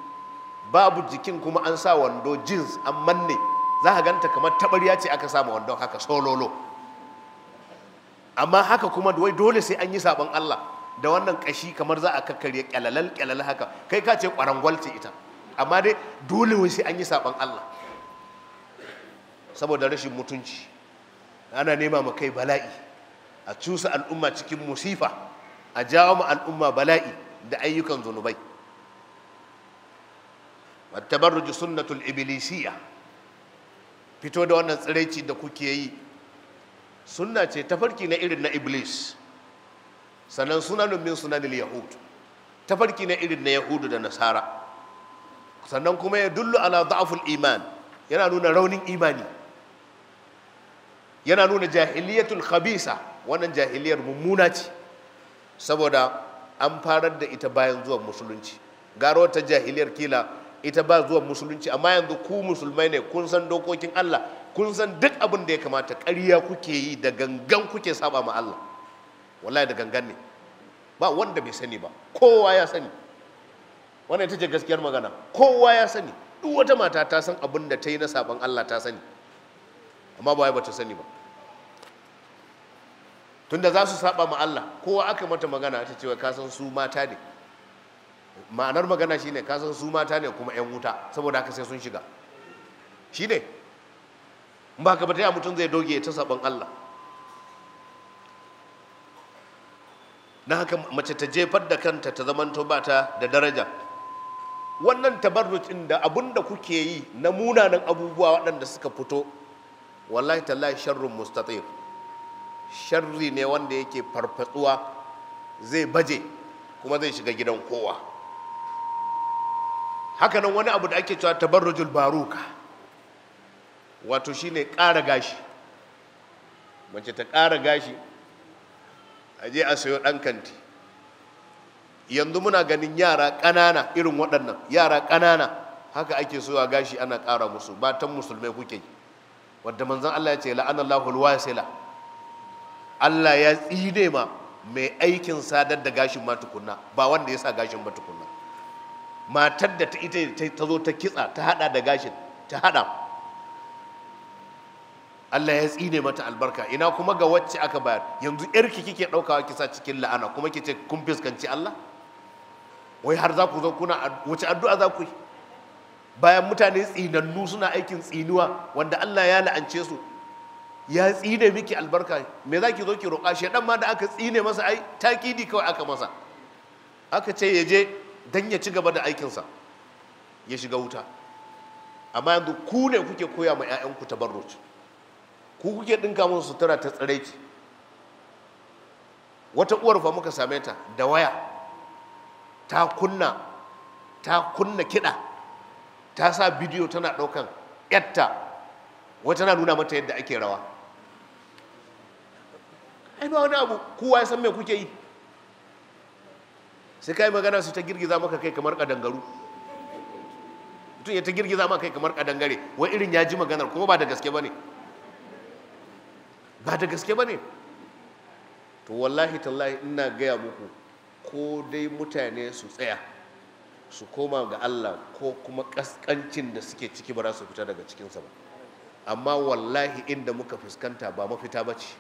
babu jikin kuma an sa wando jeans an manne za ka ganta kamar tabariya ce aka sa wando haka sololo amma haka kuma wai dole sai an yi sabon Allah da wannan kashi kamar za a kakkarye kyalalal kyalal haka kai ka ce kwarangwal ce ita amma dai dole wai sai an yi sabon Allah saboda rashin mutunci ana nema ma kai bala'i a cusa al'umma cikin musifa a jawo ma al'umma bala'i da ayyukan zunubai Mattabarji sunnatul iblisiyya fito da wannan tsiraici da kuke yi sunna ce tafarki na irin na iblis sannan sunanun min sunanil yahud tafarki na irin na yahudu da nasara sannan kuma ya dullu ala da'aful iman yana nuna raunin imani yana nuna jahiliyatul khabisa wannan jahiliyar mummuna ce saboda an farar da ita bayan zuwan musulunci garo ta jahiliyar kila ita ba zuwa musulunci amma yanzu ku musulmai ne kun san dokokin Allah kun san duk abin da ya kamata ƙarya kuke yi da gangan kuke saba ma Allah wallahi da gangan ne ba wanda bai sani ba kowa ya sani wannan ita ce gaskiyar magana kowa ya sani duk wata mata ta san abin da ta yi na saban Allah ta sani amma ba ba ta sani ba tunda za su saba ma Allah kowa aka mata magana ta cewa ka san su mata ne ma'anar magana shine ka san su mata ne kuma 'yan wuta saboda haka sai sun shiga shi ne ba ka bata mutum zai doge ta sabon Allah na haka mace ta jefar da kanta ta zaman ba ta da daraja wannan tabarrucin da abun da kuke yi na munanan abubuwa waɗanda suka fito wallahi tallahi sharrun mustatir sharri ne wanda yake farfatsuwa zai baje kuma zai shiga gidan kowa haka nan wani abu da ake cewa tabarrujul baruka wato shine ƙara gashi mace ta ƙara gashi a je a sayo dan kanti yanzu muna ganin yara ƙanana irin waɗannan yara ƙanana haka ake so a gashi ana ƙara musu ba tan musulmai kuke wadda manzon Allah ya ce la'anallahu alwasila Allah ya tsine ma mai aikin sadar da gashin ma ba wanda ya sa gashin matukunna matar da ta ita ta zo ta kitsa ta hada da gashin ta hada Allah ya tsine mata albarka ina kuma ga wacce aka bayar yanzu yarki kike daukawa kisa cikin la'ana kuma kice kun fiskanci Allah wai har za ku zo kuna wace addu'a za ku yi bayan mutane tsinannu suna aikin tsinuwa wanda Allah ya la'ance su ya tsine miki albarka me za ki zo ki roƙa shedan ma da aka tsine masa ai takidi kawai aka masa aka ce ya je don ya ci gaba da aikinsa ya shiga wuta amma yanzu ku ne kuke koya ma 'ya'yanku tabarruci ku kuke ɗinka musu sutura ta tsiraiki wata uwar fa muka same ta da waya ta kunna ta kunna kiɗa ta sa bidiyo tana ɗaukan yatta wata na nuna mata yadda ake rawa ai ba wani abu kowa ya san me kuke yi sai kai magana su ta girgiza maka kai kamar kadangaru mutum ya ta girgiza maka kai kamar kadangare wai irin ya ji maganar kuma ba da gaske ba ne ba da gaske ba ne to wallahi tallahi ina gaya muku ko dai mutane su tsaya su koma ga Allah ko kuma kaskancin da suke ciki ba su fita daga cikinsa ba amma wallahi inda muka fuskanta ba mafita ba ce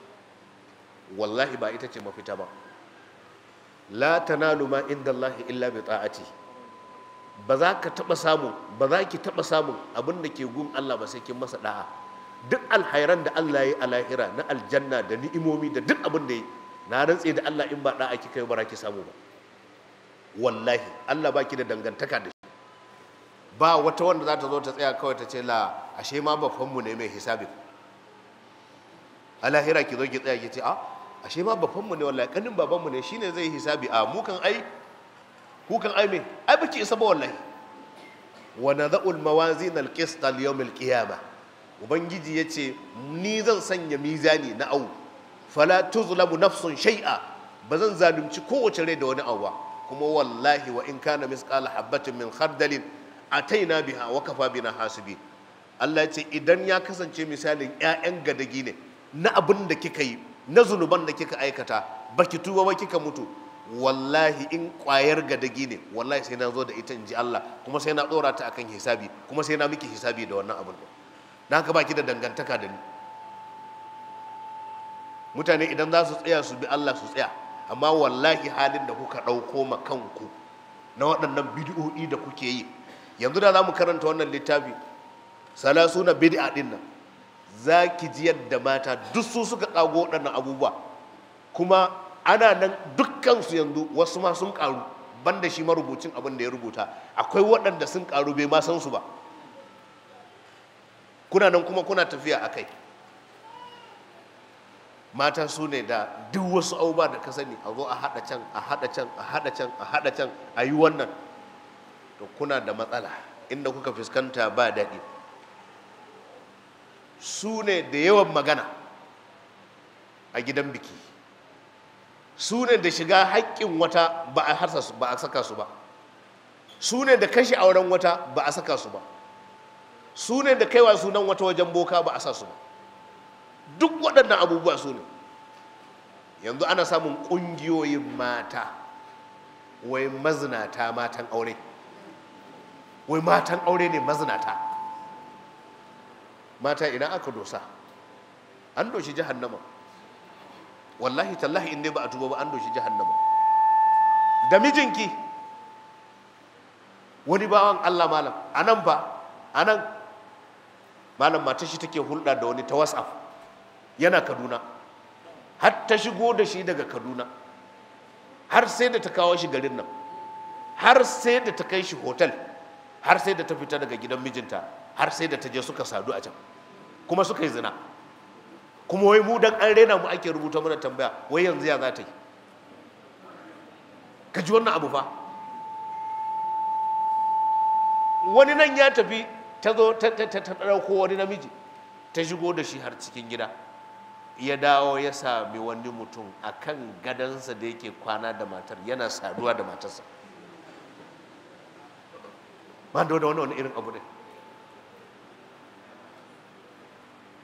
wallahi ba ita ce mafita ba la tanalu ma inda Allah illa bi ta'ati ba za ka taba ki taba samun abin da ke gun Allah ba sai kin masa da'a duk alhairan da Allah ya yi a lahira na aljanna da ni'imomi da duk abin da ya na rantse da Allah in ba da'a kika yi ba ki samu ba wallahi Allah baki da dangantaka da shi ba wata wanda za ta zo ta tsaya kawai ta ce la ashe ma bafanmu ne mai hisabi a lahira ki zo ki tsaya ki a ah, ashe ma babanmu ne wallahi kanin babanmu ne shine zai hisabi a mukan ai kukan ai me ai baki isa ba wallahi wa nadha'ul mawazin al-qist al-yawm al-qiyamah ubangiji yace ni zan sanya mizani na au fala tuzlamu nafsun shay'a ba zan zalunci kowace rai da wani awa kuma wallahi wa in kana misqala habatin min khardalin ataina biha wa kafa bina hasibi Allah ya ce idan ya kasance misalin 'ya'yan gadagi ne na abin da kika yi na zunuban da kika aikata baki tuba ba kika mutu wallahi in kwayar gadagi ne wallahi sai na zo da ita in ji Allah kuma sai na dora ta akan hisabi kuma sai na miki hisabi da wannan abin da haka baki da dangantaka da ni mutane idan za su tsaya su bi Allah su tsaya amma wallahi halin da kuka ɗauko ma kanku na waɗannan bid'o'i da kuke yi yanzu da za mu karanta wannan littafi na bid'a din nan za ki ji yadda mata duk su suka ɗago waɗannan abubuwa kuma ana nan dukkansu yanzu wasu ma sun ƙaru da shi marubucin abin da ya rubuta akwai waɗanda sun ƙaru bai ma san su ba kuna nan kuma kuna tafiya a kai mata su ne da duk wasu auba da ka sani a zo a haɗa can a haɗa can a haɗa can a haɗa can a yi wannan to kuna da matsala inda kuka fuskanta ba daɗi su ne da yawan magana a gidan biki su ne da shiga haƙƙin wata ba a saka su ba su ne da kashe auren wata ba a saka su ba su ne da kaiwa sunan wata wajen boka ba a sa su ba duk waɗannan abubuwa su ne yanzu ana samun ƙungiyoyin mata wai mazinata matan aure wai matan aure ne mazinata mata ina aka dosa an doshi jahannama wallahi tallahi in dai ba a tuba ba an doshi jahannama da mijinki wani bawan Allah malam anan ba anan malam mata shi take hulɗa da wani ta WhatsApp yana Kaduna har ta shigo da shi daga Kaduna har sai da ta kawo shi garin nan har sai da ta kai shi hotel har sai da ta fita daga gidan mijinta har sai da ta je suka sadu a can kuma suka yi zina kuma wai mu dan an rena mu ake rubuta mana tambaya wai yanzu ya za ta yi ka ji wannan abu fa wani nan ya tafi ta zo ta ɗauko wani namiji ta shigo da shi har cikin gida ya dawo ya sami wani mutum a kan gadansa da yake kwana da matar yana saduwa da matarsa ba da wani wani irin abu ne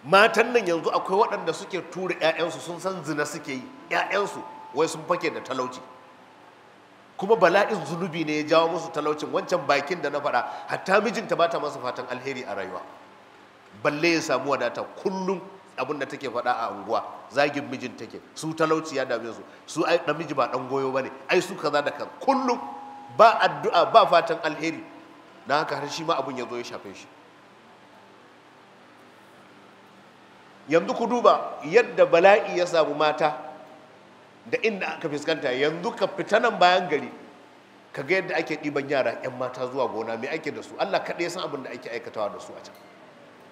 matan nan yanzu akwai waɗanda suke tura 'ya'yansu sun san zina suke yi 'ya'yansu wai sun fake da talauci kuma bala'in zunubi ne ya jawo musu talaucin wancan bakin da na faɗa hatta mijinta ba ta masa fatan alheri a rayuwa balle ya samu wadata kullum abin da take fada a unguwa zagin mijin take su talauci ya dame su su ai namiji ba dan goyo ne ai su kaza da kan kullum ba addu'a ba fatan alheri na haka har shi ma abun ya zo ya shafe shi yanzu ku duba yadda bala'i ya samu mata da inda aka fuskanta yanzu ka fita nan bayan gari ka ga yadda ake ɗiban yara 'yan mata zuwa gona mai ake da su allah kaɗai san abin da ake aikatawa da su a can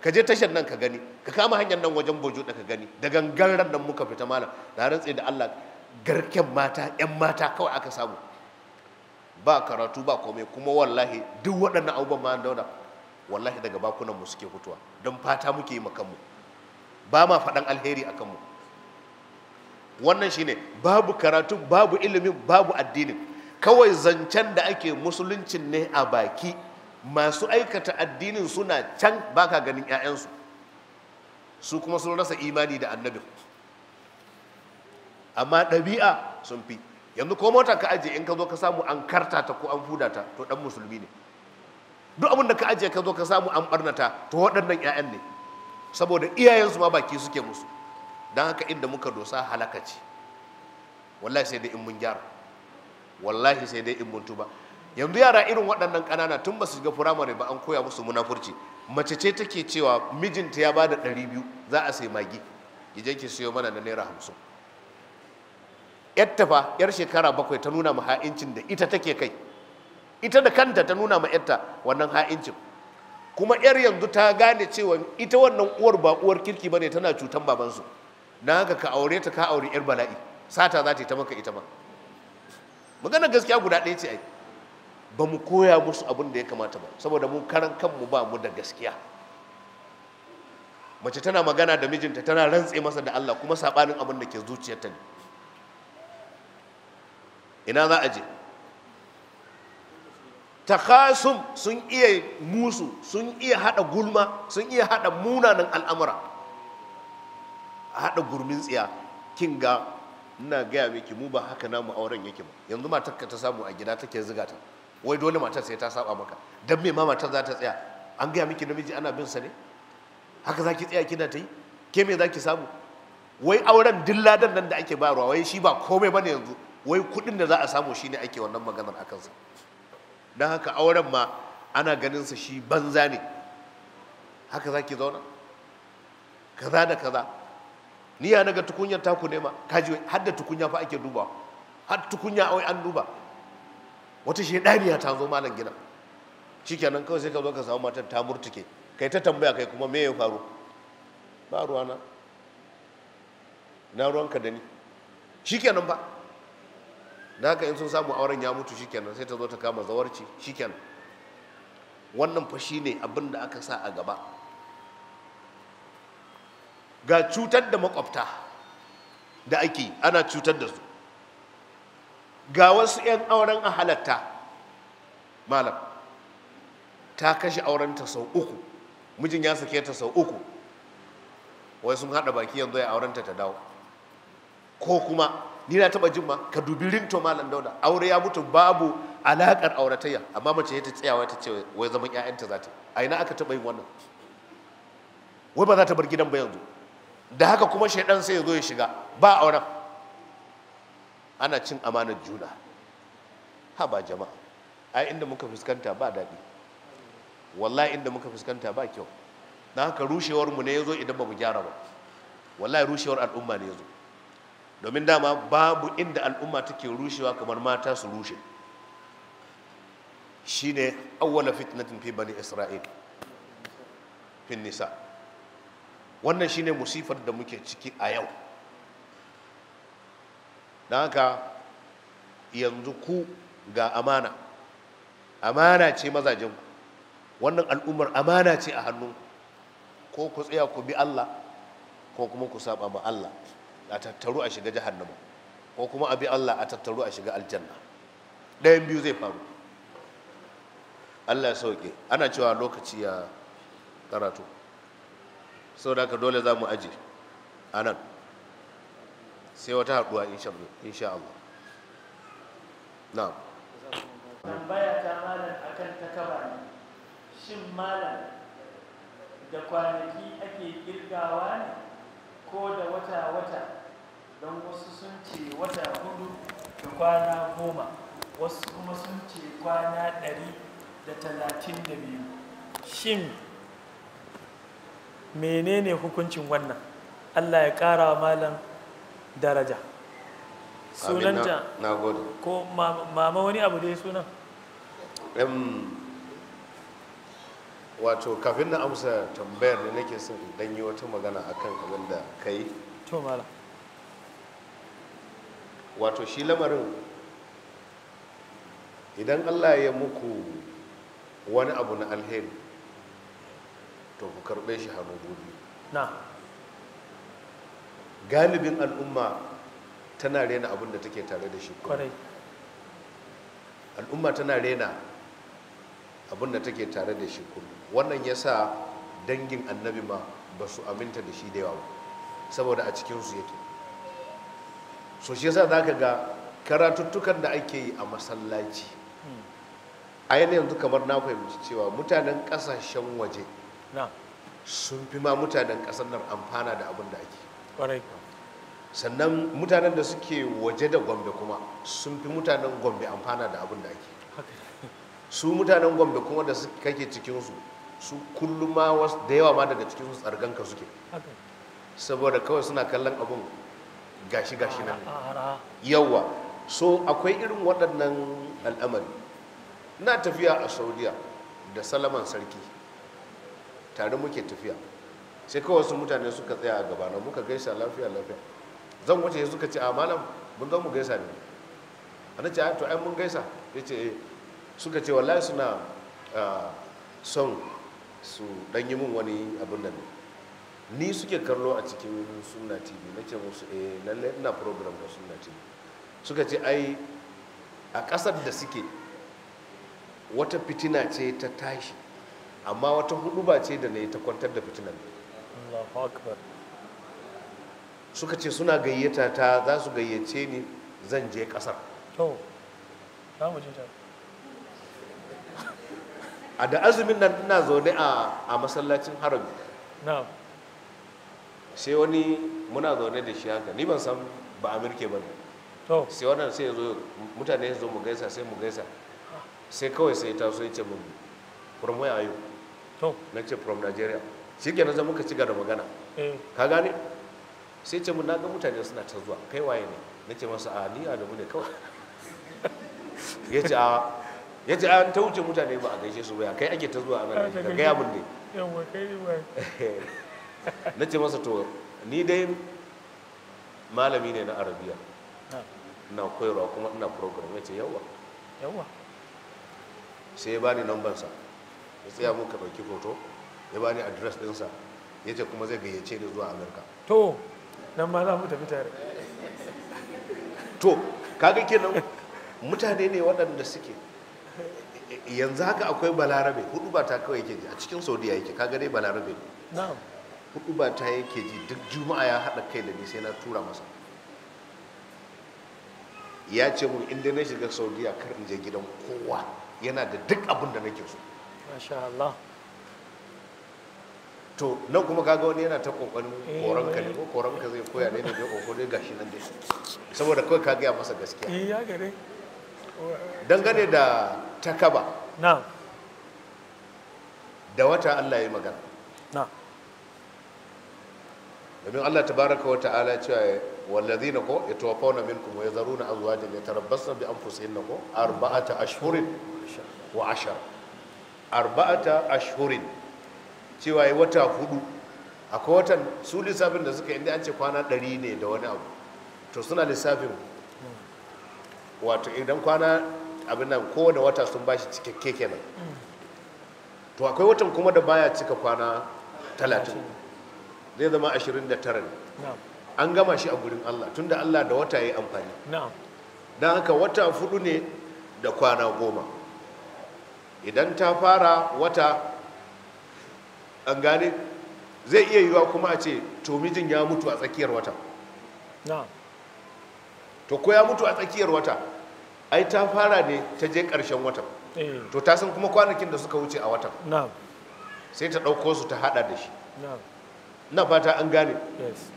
ka je tashar nan ka gani ka kama hanyar nan wajen bojo da ka gani da gangarar nan muka fita malam na rantse da allah garken mata 'yan mata kawai aka samu ba karatu ba komai kuma wallahi duk waɗannan abubuwan ma dauda wallahi daga bakunan mu suke fitowa don fata muke yi kanmu ba ma faɗan alheri a kanmu wannan shine babu karatu babu ilimin babu addinin kawai zancen da ake musuluncin ne a baki masu aikata addinin suna can baka ganin 'ya'yansu su kuma sun rasa imani da annabi amma ɗabi'a sun fi yanzu ko mota ka ajiye in ka zo ka samu an karta ta ko an fuda ta to ɗan musulmi ne duk abin da ka ajiye ka zo ka samu an barnata to waɗannan 'ya'yan ne saboda iyayensu ma baki suke musu don haka inda muka dosa halaka ce wallahi sai dai in mun gyara wallahi sai dai in mun tuba yanzu yara irin waɗannan ƙanana tun ba su shiga firamare ba an koya musu munafurci mace ce take cewa mijinta ya ba da ɗari biyu za a sai magi ki ke ki siyo mana na naira hamsin yar fa yar shekara bakwai ta nuna ma ha'incin da ita take kai ita da kanta ta nuna ma yarta wannan ha'incin kuma yar yanzu ta gane cewa ita wannan uwar ba uwar kirki bane tana cutan babansu na haka ka aure ta ka aure yar bala'i sata za ta yi ta maka ita ma maganar gaskiya guda ɗaya ce ai ba mu koya musu abin da ya kamata ba saboda mun karan kanmu ba mu da gaskiya mace tana magana da mijinta tana rantse masa da Allah kuma sabanin abin da ke zuciyarta ne ina za a je takasum sun iya musu sun iya hada gulma sun iya hada munanan al'amura hada gurmin tsaya. kin ga ina gaya miki mu ba haka namu auren yake ba yanzu matar ka ta samu a gida take ziga ta wai dole matar sai ta saba maka dan me ma matar za ta tsaya an gaya miki namiji ana bin sa ne haka zaki tsaya kina ta yi ke me zaki samu wai auren dilladan nan da ake bayarwa wai shi ba komai ne yanzu wai kudin da za a samu shine ake wannan maganar akan sa don haka auren ma ana ganin sa shi banza ne haka za ki zauna kaza da kaza ni ya naga tukunyar taku ne ma kaji har da tukunya fa ake duba har tukunya awai an duba wata shi dariya ta zo malam gidan shikenan kawai sai ka zo ka samu matar ta murtuke kai ta tambaya kai kuma me ya faru ba ruwana na ruwanka da ni shikenan ba da haka in sun samu auren ya mutu shikenan sai ta zo ta kama zawarci shikenan wannan fa shine abin da aka sa a gaba ga cutar da makwabta da ake ana cutar da su ga wasu 'yan auren a halatta malam ta kashe aurenta sau uku mijin ya sake ta sau uku wai sun haɗa baki yanzu ya aurenta ta dawo ko kuma ni na taba jin ma ka dubi rinto malam dauda aure ya mutu babu alakar auratayya amma mace ta tsayawa ta ce wai zaman ƴaƴanta za ta a ina aka taba yin wannan wai ba za ta bar gidan ba yanzu da haka kuma shaidan sai ya zo ya shiga ba auren ana cin amanar juna ha ba jama'a ai inda muka fuskanta ba daɗi wallahi inda muka fuskanta ba kyau na haka rushewar mu ne yazo idan ba mu gyara ba wallahi rushewar al'umma ne yazo domin dama babu inda al'umma take rushewa kamar mata su rushe shine awwala fitnatin fi bani isra'il fin nisa wannan shine musifar da muke ciki a yau don haka yanzu ku ga amana amana ce mazajenku wannan al'ummar amana ce a hannun ko ku tsaya ku bi Allah ko kuma ku saba ma Allah a tattaru a shiga jahannama ko kuma abi Allah a tattaru a shiga aljanna ɗayan biyu zai faru Allah ya sauke ana cewa lokaci ya karatu sau da dole za mu aji a nan sai wata haɗuwa insha Allah na'am tambaya ta malam akan shin malam da kwanaki ake girgawa ne ko da wata-wata don wasu sun ce wata hudu da kwana goma wasu kuma sun ce kwana ɗari da talatin da biyu shin menene hukuncin wannan allah ya ƙara wa malam daraja sunanta ko mama wani abu da ya sunan wato kafin na amsa tambayar da nake son dan yi wata magana akan abin da ka yi to malam wato shi lamarin idan allah ya muku wani abu na alheri to ku karbe shi hannu gobe. na galibin al'umma tana rena abin da take tare da shi kwarai al'umma tana rena abin da take tare da shi kullum wannan ya sa dangin annabi ma ba su aminta da shi da yawa saboda a cikinsu yake so shi yasa zaka ga karatuttukan da ake yi a masallaci a yanayin yanzu kamar na fahimci cewa mutanen kasashen waje sun fi ma mutanen kasar nan amfana da abin da ake sannan mutanen da suke waje da gombe kuma sun fi mutanen gombe amfana da abin da ake su mutanen gombe kuma da kake cikinsu su kullum ma da yawa ma daga cikinsu tsarganka suke saboda kawai suna kallon abin gashi gashi nan yawa so akwai irin waɗannan al'amari na tafiya a saudiya da salaman sarki tare muke tafiya sai kawai wasu mutane suka tsaya a gabana muka gaisa lafiya lafiya zan wuce suka ce a malam mun zan mu gaisa ne na ce to ai mun gaisa ya ce eh. suka ce wallahi suna ah, son su ɗanyi min wani abin da ne ni suke kallo a cikin suna tv na ce musu eh lalle ina program da suna tv suka ce ai a ƙasar da suke wata fitina ce ta tashi amma wata hudu ba ce da na ta kwantar da fitinan suka ce suna gayyata ta za su gayyace ni zan je ƙasar a da azumin nan ina zaune a masallacin harabi sai wani muna zaune da shi haka ni ban san ba amirke ba ne sai wannan sai yanzu mutane su zo mu gaisa sai mu gaisa sai kawai sai ta so ya ce mun from where are you na ce from Nigeria ke sai muka ci gaba da magana eh. ka gane sai ce mun naga mutane suna ta zuwa kai waye ne na ce masa a ni mu ne kawai [laughs] ya ce a ya ce an ta wuce mutane ba a gaishe su ba kai ake ta zuwa a nan ka gaya mun ne [laughs] na ce masa to ni dai malami ne na arabiya ah. na koyarwa kuma ina program ya ce yawa yawa sai ya bani nambansa ya tsaya ka ɗauki hoto ya bani adres ɗinsa ya ce kuma zai gayyace ni zuwa amurka to nan ma za mu tafi tare to kaga kenan mutane ne waɗanda suke yanzu haka akwai balarabe hudu ba ta kawai yake a cikin saudiya yake kaga dai balarabe hudu ba ta yake ji duk juma'a ya haɗa kai da ni sai na tura masa ya ce mun inda na shiga saudiya kar in je gidan kowa yana da duk abin da nake so to nan kuma kaga wani yana ta kokarin eh, koran ka ne ko koran ka zai koya ne ne bai koko ne gashi nan dai saboda kawai ka gaya masa gaskiya eh ya gare dangane da takaba da wata Allah ya yi magana domin Allah tabaraka wa ta'ala cewa wallazi na ko fauna min kuma ya zaru na azuwa da azwajan yatarabbasna bi an na ko arba'ata ashurin wa ashar arba'ata ashurin cewa ya wata hudu akwai watan su lissafin da suka inda an ce kwana ɗari ne da wani abu to suna lissafin wato idan kwana abin nan kowane wata sun bashi cikakke kenan to akwai watan kuma da baya cika kwana talatin. zai zama 29 ne an gama shi a gurin Allah tunda Allah da wata ya yi amfani don haka wata fudu ne da kwana goma idan ta fara wata an gane zai iya yiwa kuma a ce to mijin ya mutu a tsakiyar wata to ko ya mutu a tsakiyar wata ai ta fara ne ta je ƙarshen wata eh. to ta san kuma kwanakin da suka wuce a wata sai ta ɗauko su ta hada da shi na fata an gane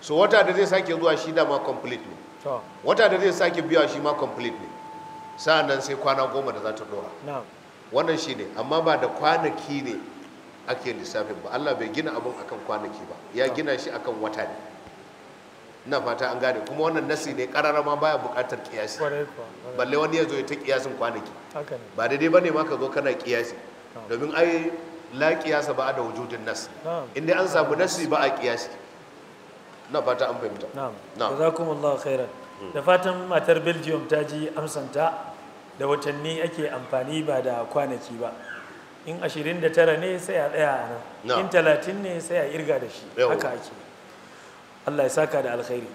so wata da zai sake zuwa shi dama complete ne wata da zai sake biya shi ma complete ne sa'an nan sai kwana goma da za ta dora wannan shi ne amma ba da kwanaki ne ake lissafin ba allah bai gina abin akan kwanaki ba ya gina shi akan wata ne na fata an gane kuma wannan nasi ne karara ma baya bukatar kiyasi balle wani ya zo ya ta kiyasin kwanaki ba daidai ba ne ma ka zo kana kiyasi domin ai la kiyasa ba da wujudin nas inda an samu nasi ba a kiyasi na fata an fahimta na'am jazakumullahu khairan hmm. da fatan matar Belgium ta ji amsanta da watanni ake amfani ba da kwanaki ba in 29 ne sai a tsaya a nan in 30 ne sai a irga da shi haka ake Allah ya saka da alkhairi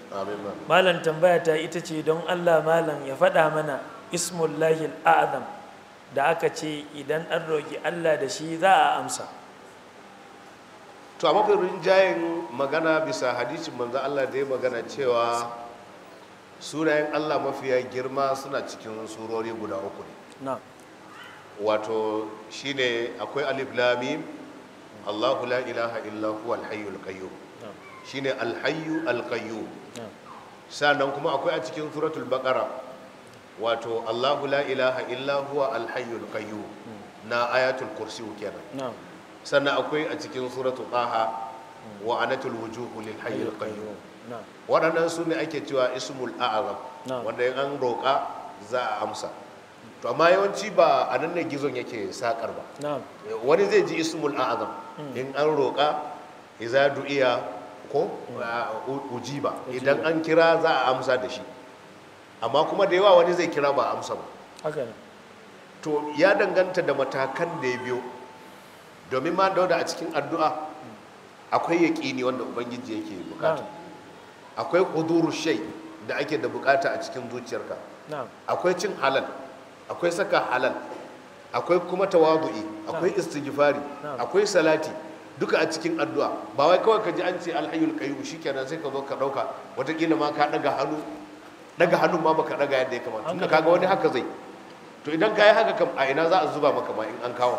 malam tambaya ta ita ce don Allah malam ya faɗa mana ismullahi al'azam da aka ce idan an roƙi Allah da shi za a amsa to a mafi rinjayen magana bisa hadishin manzo Allah da ya magana cewa sunayen Allah mafiya girma suna cikin surori guda uku ne wato shine akwai alif lamim Allahu la ilaha illa huwa al-hayyul qayyum ne al-hayyu al sannan kuma akwai a cikin suratul baqara wato Allahu la ilaha illa huwa alhayyul qayyum na ayatul kursi kenan sannan akwai a cikin suratu taha wa anatul wujuhu lil hayyul qayyum waɗannan su ne ake cewa ismul a'azam wanda in an roƙa za a amsa to amma yawanci ba a nan ne gizon yake sakar ba wani zai ji ismul a'azam hmm. in an roƙa iza du'iya ko hmm. ujiba idan an kira za a amsa da shi amma kuma da yawa wani zai kira ba amsa ba to ya danganta da matakan da ya biyo domin ma dauda a cikin addu'a akwai yaƙini wanda ubangiji yake bukata akwai kuduru shai da ake da bukata a cikin zuciyarka akwai cin halal akwai saka halal akwai kuma tawadu'i akwai istighfari akwai salati duka a cikin addu'a ba wai kawai ka ji an ce alhayyul qayyum shikenan sai ka zo ka dauka ƙila ma ka ɗaga hannu daga hannun ma baka daga yadda ya kamata tunda kaga wani haka zai to idan ka yi haka kam a ina za a zuba maka ma in an kawo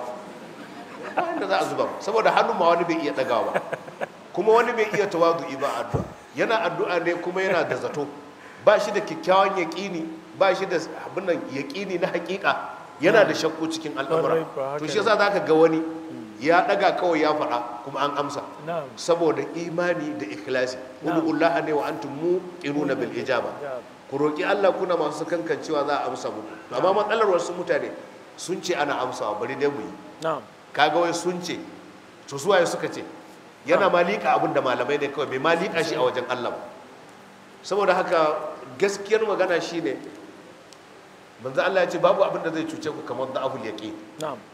wanda za a zuba saboda hannun ma wani bai iya dagawa ba kuma wani bai iya tawadu'i ba addu'a yana addu'a ne kuma yana da zato ba shi da kyakkyawan yaƙini ba shi da abin nan yaƙini na hakika yana da shakku cikin al'amura to shi yasa zaka ga wani ya daga kawai ya faɗa kuma an amsa saboda imani da ikhlasi udullaha ne wa antum muqinuna bil ijaba roƙi Allah kuna masu cewa za a amsa muku amma matsalar wasu mutane sun ce ana amsawa bari dai mu yi kaga wai sun ce to suwa waye suka ce yana malika abin da malamai ne kawai mai malika shi a wajen Allah saboda haka gaskiyar magana shine banza Allah ya ce babu abin da zai cuce ku kamar da abul yaƙi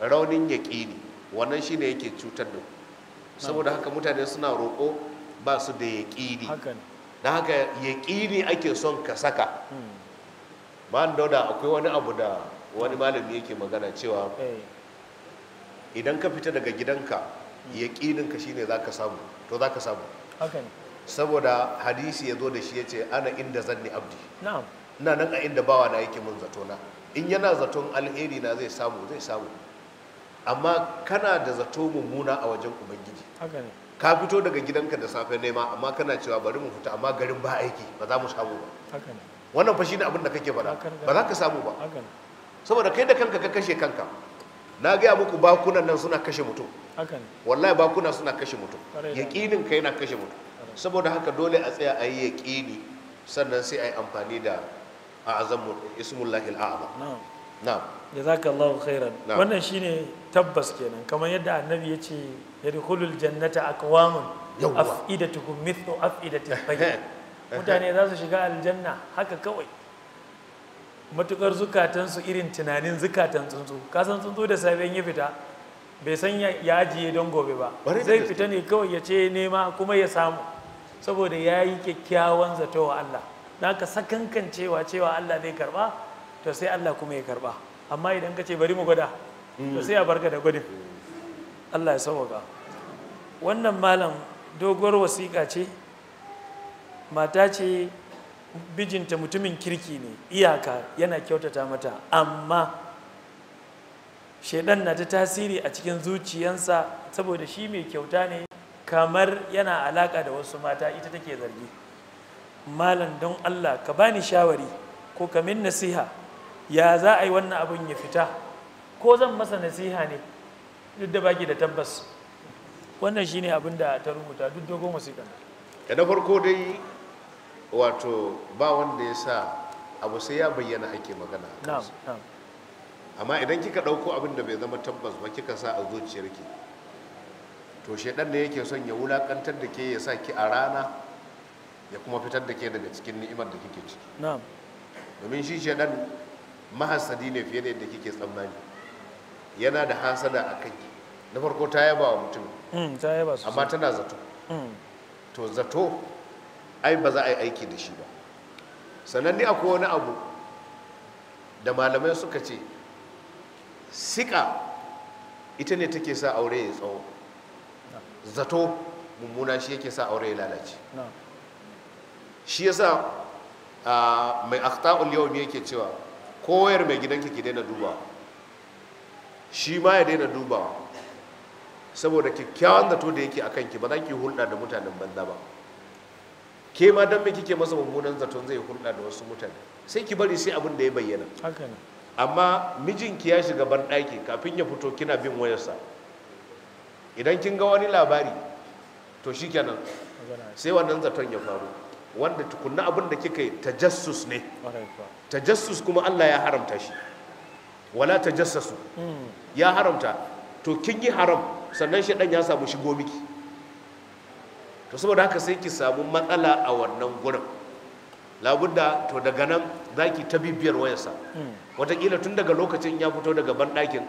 raunin yaƙi ne wannan shine yake cutar da ku saboda haka mutane suna roƙo ba su da yaƙi ne. Na haka yaƙini ake son ka saka ma'an dauda akwai wani abu da wani malami yake magana cewa eh. idan ka fita daga gidanka yaƙininka shine za ka samu to za ka samu saboda hadisi ya zo da shi ya ce ana inda zan ni abdi ina nan a inda bawa na yake mun zatona in yana zaton alheri na zai samu zai samu amma kana da zato mummuna a wajen ubangiji ka fito daga gidanka da safe nema amma kana cewa bari mu fita amma garin ba aiki ba za mu samu ba wannan fa shine abin da kake faɗa ba za ka samu ba saboda kai da kanka ka kashe kanka na gaya muku bakunan nan suna kashe mutum wallahi bakuna suna kashe mutum yaƙinin kai na kashe mutum saboda haka dole a tsaya a yi yaƙini sannan sai a yi amfani da a mu ismullahi al'a'aba na'am jazakallahu khairan wannan shine tabbas kenan kamar yadda annabi ya ce yadkhulul jannata aqwamun af'idatuhum mithlu af'idati tayy [laughs] mutane za su shiga aljanna haka kawai matukar zukatansu irin tunanin zukatan tsuntsu ka san tsuntsu da safe ya fita bai san ya ajiye don gobe ba zai fita ne kawai ya ce nema kuma ya samu saboda ya yi kyakkyawan zato wa Allah don ka sakankan cewa cewa Allah zai karba to sai Allah kuma ya karba amma idan ka ce bari mu gwada to sai a barka da gudun Allah ya sauwaka wannan malam doguwar wasiƙa ce mata ce bijinta mutumin kirki ne iyaka yana kyautata mata amma shaidan na ta tasiri a cikin zuciyansa saboda shi mai kyauta ne kamar yana alaka da wasu mata ita take zargi malam don allah ka bani shawari ko ka min nasiha ya za a yi wannan abin ya fita ko zan masa nasiha ne duk da baki da tabbas wannan ne abin da ta rubuta duk dogon wasiƙa da na farko dai wato ba wanda ya sa abu sai ya bayyana ake magana amma idan kika ɗauko abin da bai zama tabbas ba kika sa a zuciyarki to shaidan da yake son ya wulakantar da ke ya sa ki a rana ya kuma fitar da ke daga cikin ni'imar da kike ciki domin shi shaidan mahasadi ne fiye da yadda kike tsammani yana da hasada a kai na farko ta yaba wa mutum mm, amma tana zato mm. to zato ai ba za a yi aiki da shi ba sannan ni akwai wani abu da malamai suka ce sika ita ne take sa aure ya tsawo zato mummuna shi yake sa aure ya lalace shi yasa ah, mai akhta'ul yawmi yake cewa koyar mai gidanki ki daina dubawa shi ma ya daina dubawa saboda kyakkyawan zato da yake a kanki ba za ki hulɗa da mutanen banza ba ke ma don me kike masa mummunan zaton zai hulɗa da wasu mutane sai ki bari sai abin da ya bayyana amma mijinki ya shiga ban ɗaki kafin ya fito kina bin wayarsa idan kin ga wani labari to shi kenan sai wannan zaton ya faru wanda tukunna abin da kika yi tajassus ne tajassus kuma Allah ya haramta shi wala ta jassasu ya haramta to kin yi haram sannan shaɗan ya samu shigo miki to saboda haka sai ki samu matsala a wannan gurin labudda to daga nan zaki ki ta bibiyar wayarsa wataƙila tun daga lokacin ya fito daga banɗakin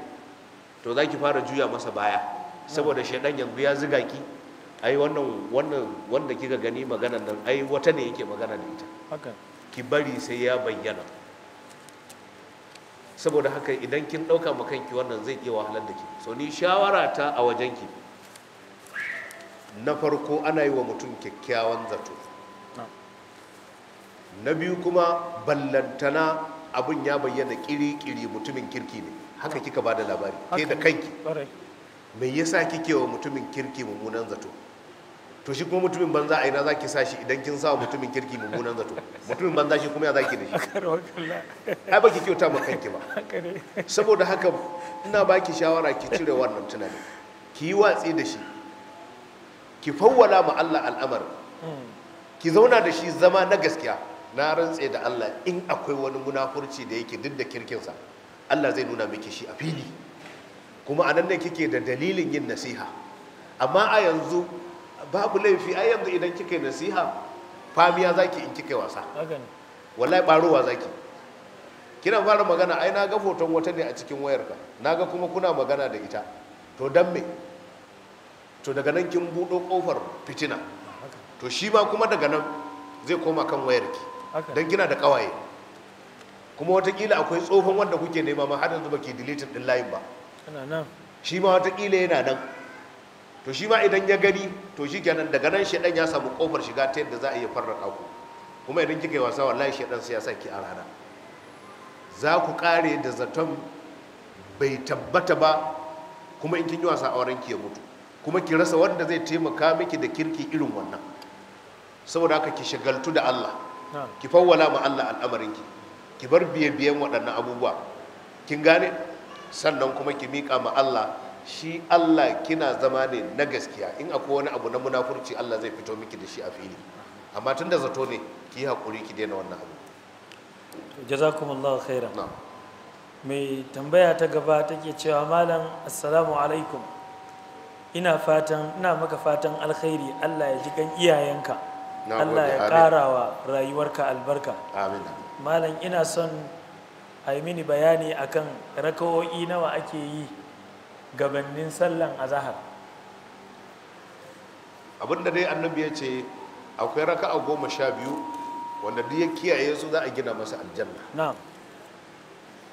to za fara juya masa baya saboda shaɗan yanzu ya ziga ki ai wannan wannan wanda kika gani maganan nan ai wata ne yake magana da ita ki bari sai ya bayyana saboda haka idan kin ɗauka ma kanki wannan zai iya wahalar da ke so ni shawara ta a wajenki na farko ana yi wa mutum kyakkyawan zato na biyu kuma ballantana abin ya bayyana kiri-kiri mutumin kirki ne haka kika ba da labari ke da kanki me yasa kike wa mutumin kirki mummunan zato to shi kuma mutumin banza a ina zaki sa shi idan kin sa mutumin kirki mummunan zato mutumin banza shi kuma ya zaki da shi ai baki kyauta ma kanki ba saboda haka ina baki shawara ki cire wannan tunani ki yi watsi da shi ki fawwala ma Allah al'amar ki zauna da shi zama na gaskiya na rantse da Allah in akwai wani munafurci da yake duk da kirkin sa Allah zai nuna miki shi a fili kuma anan ne kike da dalilin yin nasiha amma a yanzu babu laifi ai yanzu idan kika yi nasiha famiya zaki in kika yi wasa wallahi barowa zaki kina fara magana ai na ga hoton wata ne a cikin wayarka na ga kuma kuna magana da ita to dan me to daga nan kin buɗo ƙofar fitina to shi ma kuma daga nan zai koma kan wayarki don kina da ƙawaye kuma watakila akwai tsohon wanda kuke nema ma har yanzu baki deleting din layin ba shi ma watakila yana nan to shi ma idan ya gani to shi kenan daga nan shaidan ya samu kofar shiga ta yadda za a iya farraka ku kuma idan kika yi wasa wallahi shaidan sai ya saki a rana za ku kare da zaton bai tabbata ba kuma in kin yi wasa a wurin ki ya mutu kuma ki rasa wanda zai taimaka miki da kirki irin wannan saboda haka ki shagaltu da Allah ki fawwala ma Allah al'amarin ki ki bar biye biyen waɗannan abubuwa kin gane sannan kuma ki miƙa ma Allah shi Allah kina zama ne na gaskiya in akwai wani abu na munafurci Allah zai fito miki da shi a fili amma tunda zato ne ki hakuri ki daina wannan abu jazakumullahu khairan mai tambaya ta gaba take cewa malam assalamu alaikum ina fatan ina maka fatan alkhairi Allah ya ji kan iyayenka Allah ya karawa rayuwarka albarka amin malam ina son a mini bayani akan raka'o'i nawa ake yi gabanin sallan azahar abinda dai annabi ya ce akwai raka'a goma sha biyu wanda duk ya kiyaye su za a gina masa aljanna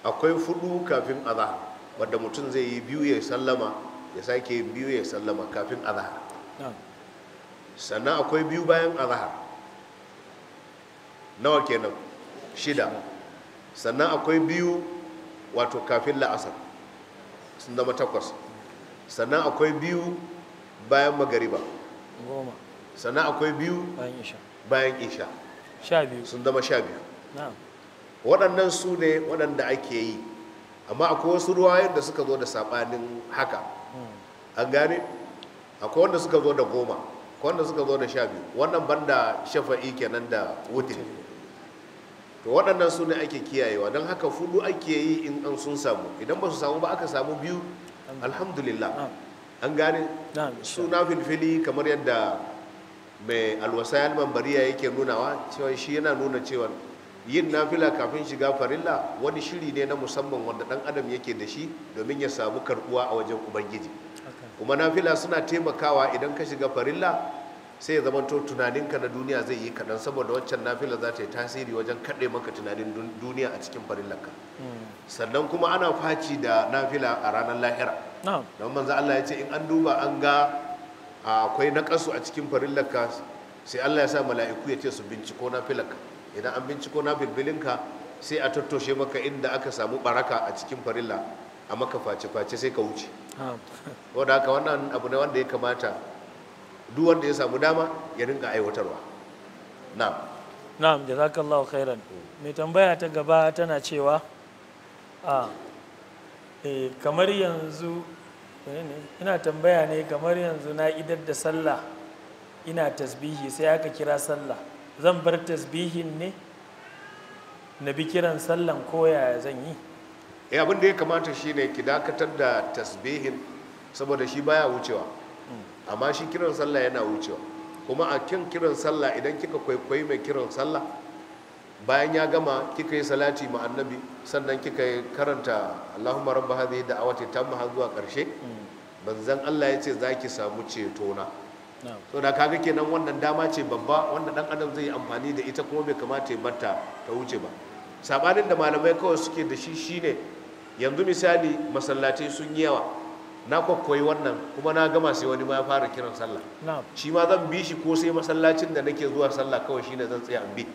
akwai fudu kafin azahar wadda mutum zai yi biyu ya sallama ya sake yin biyu ya sallama kafin azahar sannan akwai biyu bayan azahar nawa kenan shida sannan akwai biyu wato kafin la'asar sun zama takwas sannan akwai biyu bayan magariba sannan akwai biyu bayan isha sun zama sha biyu waɗannan su ne waɗanda ake yi amma akwai wasu ruwa da suka zo da saɓanin haka hmm. an gane akwai wanda suka zo da goma akwai wanda suka zo da sha biyu wannan banda shafa'i kenan da wutin to waɗannan su ne ake kiyayewa don haka fudu ake yi in an sun samu idan ba su samu ba aka samu biyu alhamdulillah an gane su na filfili kamar yadda mai alwasa bariya yake nunawa cewa shi yana nuna cewa yin nafila kafin shiga farilla wani shiri ne na musamman wanda dan adam yake da shi domin ya samu karbuwa a wajen ubangiji kuma nafila suna taimakawa idan ka shiga farilla sai ya zama to tunaninka na duniya zai yi kaɗan saboda waccan nafila za ta yi tasiri wajen kaɗe maka tunanin duniya a cikin farillanka hmm. sannan kuma ana faci da nafila a ranar lahira don manzo Allah ya ce in an duba an ga akwai na nakasu a cikin farillanka sai Allah ya sa mala'iku ya ce su binciko nafilanka idan an binciko nafilbilinka sai a tattoshe maka inda aka samu baraka a cikin farilla a maka face-face sai ka wuce wadda haka wannan abu ne wanda ya kamata duk wanda ya samu dama ya rinka aiwatarwa na'am na'am jazakallahu khairan mai tambaya ta gaba tana cewa a ah, eh, kamar yanzu ina tambaya ne kamar yanzu na idar da sallah ina tasbihi sai aka kira sallah zan bar tasbihin ne na bi kiran sallan koya zan yi eh abin da ya kamata shine ki dakatar da tasbihin saboda shi baya wucewa amma shi kiran sallah yana wucewa kuma a kin kiran sallah idan kika kwaikwayi mai kiran sallah bayan ya gama kika yi salati ma annabi sannan kika karanta Allahumma rabba hadhihi da'awati tamma har zuwa karshe manzon Allah ya ce za ki samu cetona. na so da kaga kenan wannan dama ce babba wanda dan adam zai yi amfani da ita kuma bai kamata ya barta ta wuce ba sabanin da malamai kawai suke da shi shine yanzu misali masallatai sun yi yawa na kwakwai wannan kuma na gama sai wani ma ya fara kiran sallah shi ma zan bi shi ko sai masallacin da nake zuwa sallah kawai shine zan tsaya an bi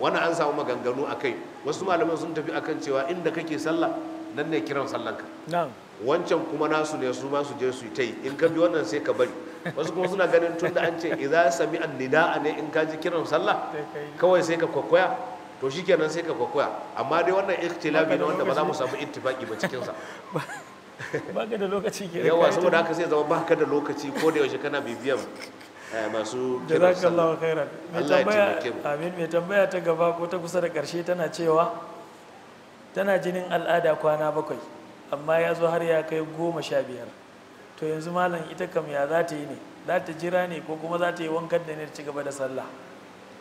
wani an samu maganganu a kai wasu malaman sun tafi akan cewa inda kake sallah nan ne kiran ka wancan kuma nasu ne su ma su je su ta yi in ka bi wannan sai ka bari wasu kuma suna ganin tun da an ce idza sami an nida'a ne in ka ji kiran sallah kawai sai ka kwakwaya to shikenan sai ka kwakwaya amma dai wannan ikhtilafi ne wanda ba za mu samu ittifaki ba cikin sa [laughs] baka da lokaci ke yawa saboda haka sai zama baka da lokaci ko da yaushe kana bibiyan eh, masu kiran sallah khairan tambaya amin mai tambaya ta gaba ko ta kusa da karshe tana cewa tana jinin al'ada kwana bakwai amma ya zo har ya kai goma sha biyar to yanzu malam ita kam ya za ta yi ne za ta jira ne ko kuma za ta yi wankan da ne ci gaba da sallah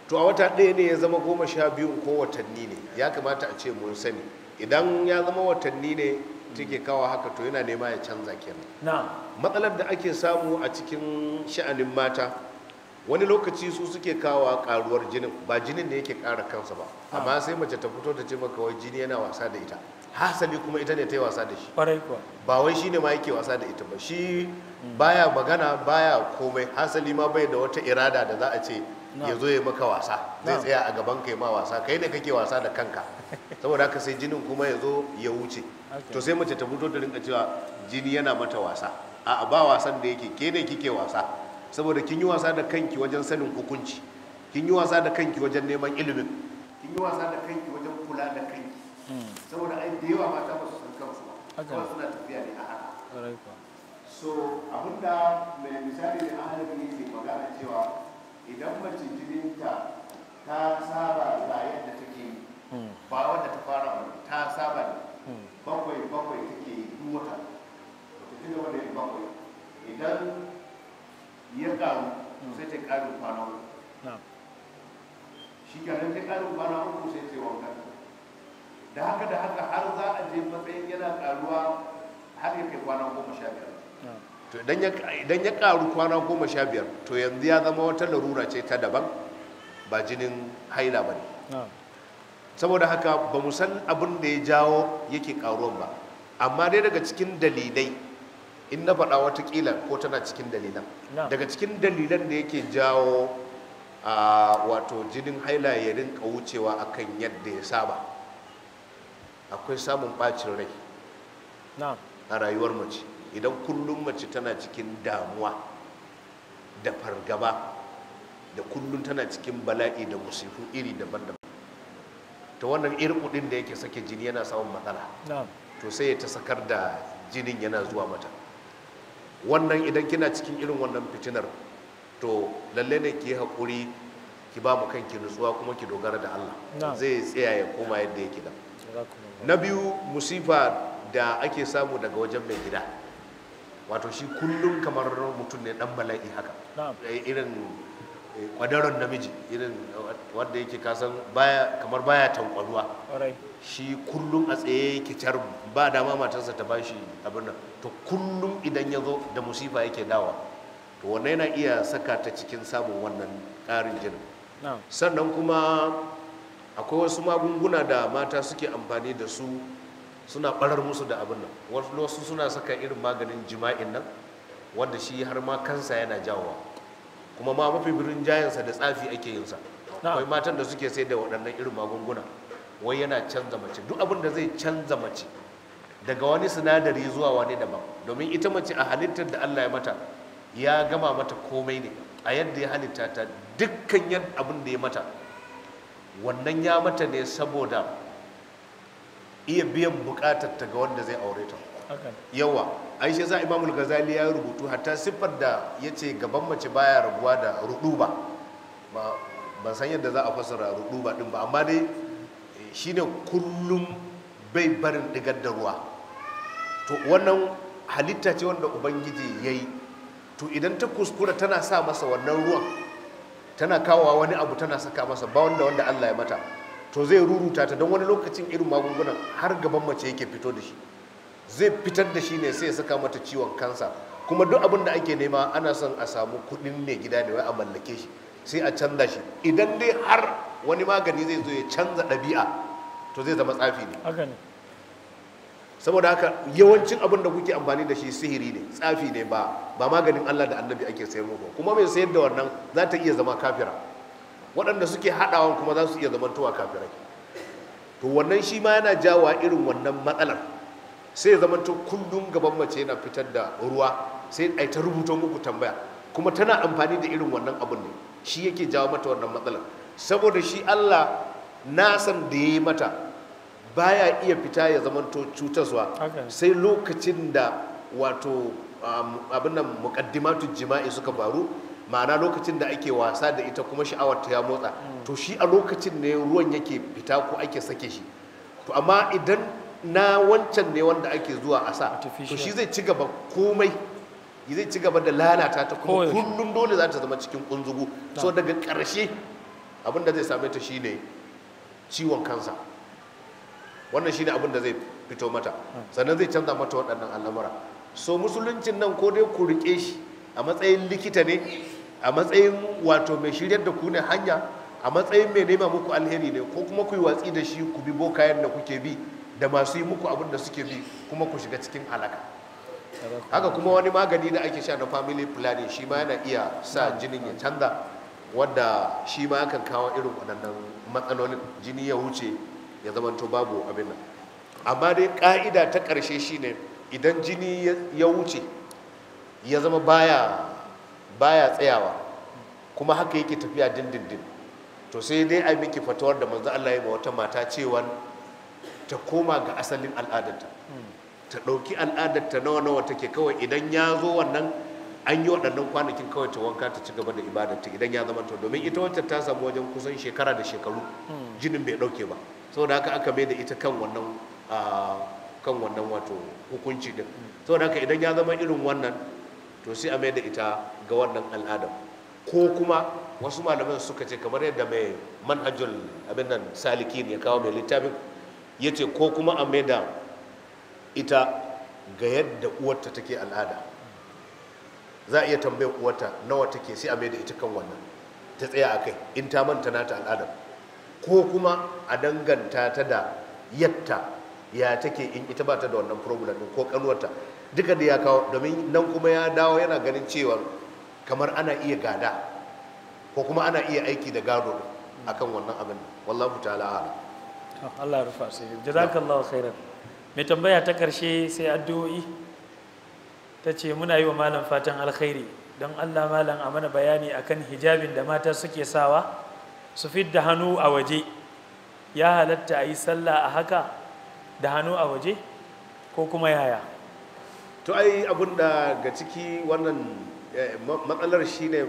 to a wata ɗaya ne ya zama goma sha biyu ko watanni ne ya kamata a ce mun sani idan ya zama watanni ne take kawo haka to yana nema ya canza kenan matsalar da ake samu a cikin sha'anin mata wani lokaci su suke kawo karuwar jinin ba jinin ne yake kara kansa ba ah. amma sai mace ta fito ta ce maka wai jini yana wasa da ita hasali kuma ita ne ta yi wasa da shi ba wai shi ne ma yake wasa da ita ba shi baya magana baya komai hasali ma bai da wata irada da za a ce ya zo ya maka wasa zai tsaya a gaban kai ma wasa kai ne kake wasa da kanka [laughs] saboda haka sai jinin kuma ya zo ya wuce to sai mace ta fito da rinka cewa jini yana mata wasa a ba wasan da yake ke ne kike wasa saboda kin yi wasa da kanki wajen sanin hukunci kin yi wasa da kanki wajen neman ilimin kin yi wasa da kanki wajen kula da kanki hmm. saboda ai da yawa mata ba su san kansu ba kuma suna tafiya ne a haka so abinda mai misali da ne ke magana cewa idan mace jininta ta saba da yadda take hmm. ba wadda ta fara ta saba da bakwai bakwai take yi duk wata wata tuna wanda yin bakwai idan ya karu hmm. sai ta karin kwana uku shi kenan ta karin kwana uku sai ta wanka da haka da haka har za a je matsayin yana karuwa har ya kai kwana goma sha biyar to idan ya karu kwana goma sha biyar to yanzu ya zama wata larura ce ta daban ba jinin haila ba ne saboda haka ba mu san abin da ya jawo yake karuwan ba amma dai daga cikin dalilai in na faɗa watakila ko tana cikin dalilan daga cikin dalilan da yake jawo a wato jinin haila ya rinka wucewa akan yadda ya saba akwai samun ɓacin rai a rayuwar mace idan kullum mace tana cikin damuwa da fargaba da kullum tana cikin bala'i da musifu iri daban-daban ta wannan irkudin da yake sake jini yana samun matsala to sai ya ta sakar da jinin yana zuwa mata wannan idan kina cikin irin wannan fitinar to lalle ne ki hakuri ki ba mu kanki nutsuwa kuma ki dogara da Allah zai tsaya ya koma yadda yake da na biyu musifa da ake samu daga wajen mai gida wato shi kullum kamar mutum ne dan bala'i haka eh, irin eh, kwadaron namiji irin wanda yake kasan baya kamar baya tankwaruwa shi kullum a tsaye yake car ba dama matarsa ta bashi abin nan to kullum idan ya zo da musifa yake dawa to wannan yana iya saka ta cikin samun wannan ƙarin jinin sannan kuma akwai wasu magunguna da mata suke amfani da su suna barar musu da abin nan wasu suna saka irin maganin jima'in nan wanda shi har ma kansa yana jawowa kuma ma mafi birin jayansa da tsafi ake yinsa akwai matan da suke sai da waɗannan irin magunguna wai yana canza mace duk abin da zai canza mace daga wani sinadari zuwa wani daban domin ita mace a halittar da Allah ya mata ya gama mata komai ne a yadda ya halitta ta dukkan yan abin da ya mata wannan ya mata ne saboda iya biyan bukatar ta ga wanda zai aure ta yawa aisha za imamul gazali ya rubutu hatta siffar da ya ce gaban mace baya rabuwa da rudu ba ban san yadda za a fassara ba din ba amma dai eh, shi ne kullum bai barin digar da ruwa to wannan halitta ce wanda ubangiji ya yi to idan ta kuskura tana sa masa wannan ruwan tana kawowa wani abu tana saka masa ba wanda wanda allah ya mata to zai ruruta ta don wani lokacin irin magungunan har gaban mace yake fito da shi zai fitar da shi ne sai ya saka mata ciwon kansa kuma duk abin da ake nema ana son a samu kuɗin ne gida ne wai a mallake shi sai a canza shi idan dai har wani magani zai zo ya canza ɗabi'a to zai zama tsafi ne saboda haka yawancin abin da kuke amfani da shi sihiri ne tsafi ne ba ba maganin Allah da annabi ake sayar muku kuma mai sayar da wannan za ta iya zama kafira waɗanda suke haɗawan kuma za su iya zama tuwa kafira to wannan shi ma yana jawa irin wannan matsalar sai zama to kullum gaban mace yana fitar da ruwa sai ai ta rubuto muku tambaya kuma tana amfani da irin wannan abun ne shi yake jawo mata wannan matsalar saboda shi Allah na san da ya yi mata baya iya fita ya zamanto cutarwa sai lokacin da wato abinnan mukaddimatu jima'i suka faru ma'ana lokacin da ake wasa da ita kuma sha'awar ta ya motsa hmm. to shi a lokacin ne ruwan yake fita ko ake sake shi to amma idan na wancan ne wanda ake zuwa a sa to shi zai ci gaba komai zai ci gaba da lalata ta kuma kullum dole za ta zama cikin kunzugu so daga karshe abin da zai same ta shine ciwon kansa wannan shine abin da zai fito mata sannan zai canza mata waɗannan al'amura so musuluncin nan ko dai ku riƙe shi a matsayin likita ne a matsayin wato mai shiryar da ku ne hanya a matsayin mai nema muku alheri ne ko kuma ku yi watsi da shi ku bi bokayen da kuke bi da masu yi muku abin da suke bi kuma ku shiga cikin alaka. haka kuma wani magani da ake sha na family planning shi ma yana iya sa jinin ya canza wadda shi ma kan kawo irin waɗannan matsalolin jini ya wuce ya zama to babu abin nan amma dai ƙa'ida ta ƙarshe shine idan jini ya wuce ya zama baya tsayawa kuma haka yake tafiya dindindin to sai dai a miki fatawar da manzo Allah ya ma wata mata cewa ta koma ga asalin al'adarta ta ɗauki al'adar ta nawa nawa take kawai idan ya zo wannan an yi waɗannan kwanakin kawai ta wanka ta ci gaba da ibadarta idan ya zama ta domin ita wancan ta samu wajen kusan shekara da shekaru hmm. jinin bai ɗauke ba saboda haka aka mai da ita kan wannan kan wannan wato hukunci din hmm. saboda haka idan ya zama irin wannan to sai a mai da ita ga wannan al'adar ko kuma wasu malaman suka ce kamar yadda mai manhajul abin nan salikin ya kawo mai littafin ya ce ko kuma a mai da ita ga yadda uwarta take al'ada za a iya tambayar uwarta nawa take sai a mai da ita kan wannan ta tsaya a kai in ta manta nata al'ada ko kuma a danganta ta da yatta ya take in ita ba ta da wannan problem din ko kanuwarta duka da ya kawo domin nan kuma ya dawo yana ganin cewa kamar ana iya gada ko kuma ana iya aiki da gado akan wannan abin wallahu ta'ala Allah ya rufa sai jazakallahu khairan mai tambaya ta ƙarshe sai addu'o'i ta ce muna yi wa malam fatan alkhairi don allah malam a mana bayani akan hijabin da mata suke sawa su fidda hannu a waje ya halatta a yi sallah a haka da hannu a waje ko kuma yaya to ai abun da ga ciki wannan eh, matsalar shine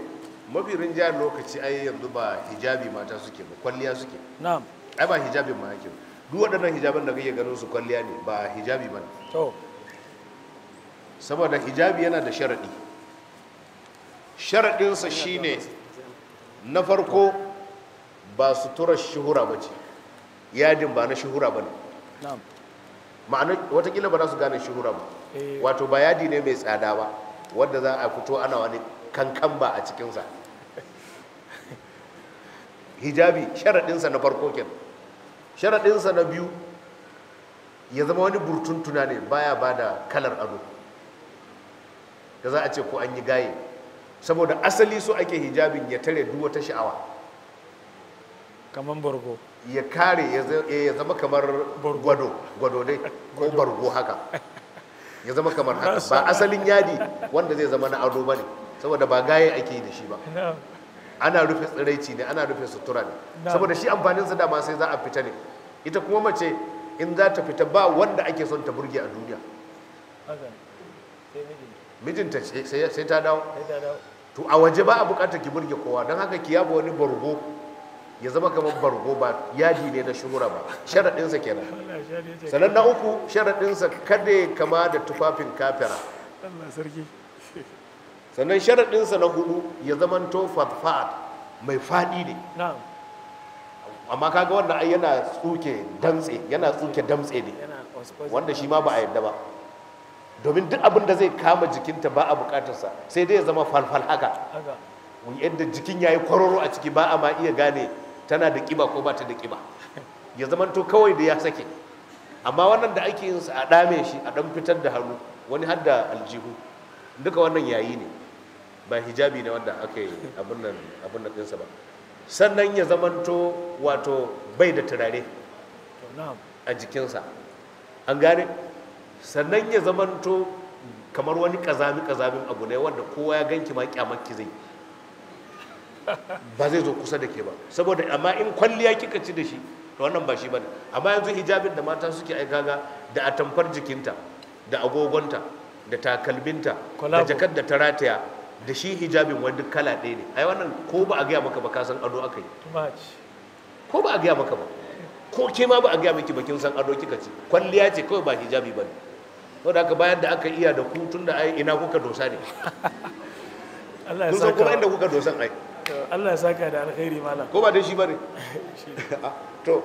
mafi rinjiyar lokaci ai yanzu ba hijabi mata suke ba kwalliya suke ai ba hijabin ma yake ba duk waɗannan hijaban da kake ganin su kwalliya ne ba hijabi ba ne saboda hijabi yana da sharaɗi sharaɗinsa shine na farko ba tura shuhura ba ce yadin ba na shuhura ba ne ma'ana watakila ba za su gane shuhura ba eh. wato ba yadi ne mai tsada ba wadda za a fito ana wani kankan ba a cikinsa [laughs] hijabi sharaɗinsa na farko kenan sharaɗinsa na biyu ya zama wani burtuntuna ne baya ba da kalar ado da za a ce ko an yi gaye saboda asali so ake hijabin ya tare duk wata sha'awa kamar bargo ya kare ya eh, zama kamar gwado gwado dai ko [laughs] bargo haka ya zama kamar haka [laughs] ba asalin yadi wanda zai zama na ado ba ne saboda ba gaye ake yi da shi ba ana rufe tsiraici ne ana rufe sutura ne saboda shi amfanin sa dama sai za a fita ne ita kuma mace in za ta fita ba wanda ake son ta burge a duniya mijinta sai ta dawo to a waje ba a bukatar ki burge kowa don haka ki yaba wani bargo ya zama kamar bargo ba yadi ne na shura ba sharaɗinsa kenan [laughs] sannan na uku sharaɗinsa kada kama da tufafin kafira sannan sharaɗinsa na hudu ya to fatfad mai faɗi ne amma kaga wannan ai yana tsuke damtse yana tsuke damtse ne wanda shi ma ba a yadda ba domin duk abin da zai kama jikinta ba a bukatarsa sai dai ya zama falfal haka yadda jikin ya yi kwararru a ciki ba a ma iya gane tana da kiba ko ba ta da kiba ya zamanto kawai da ya sake amma wannan da ake yin sa a dame shi a dan fitar da hannu wani har aljihu duka wannan yayi ne ba hijabi ne wanda aka yi abin nan ɗinsa ba sannan ya zamanto wato bai da turare a jikinsa an gane sannan ya zamanto kamar wani ƙazami ƙazamin abu ne wanda kowa ya ganki ma kyamaki zai ba zai zo kusa da ke ba saboda amma in kwalliya kika ci da shi to wannan ba shi ba amma yanzu hijabin da mata suke aika ga da atamfar jikinta da agogonta da takalminta da jakar da ta rataya da shi hijabin wani kala ɗaya ne ai wannan ko ba a gaya maka ba ka san ado aka yi ko ba a gaya maka ba ko ke ma ba a gaya miki bakin san ado kika ce kwalliya ce kawai ba hijabi ba ne saboda aka bayan da aka iya da ku tun da ai ina kuka dosa ne [laughs] Allah ya saka kuma inda kuka dosan ai Allah ya saka da alkhairi malam ko ba da shi bane [laughs] [laughs] ah, to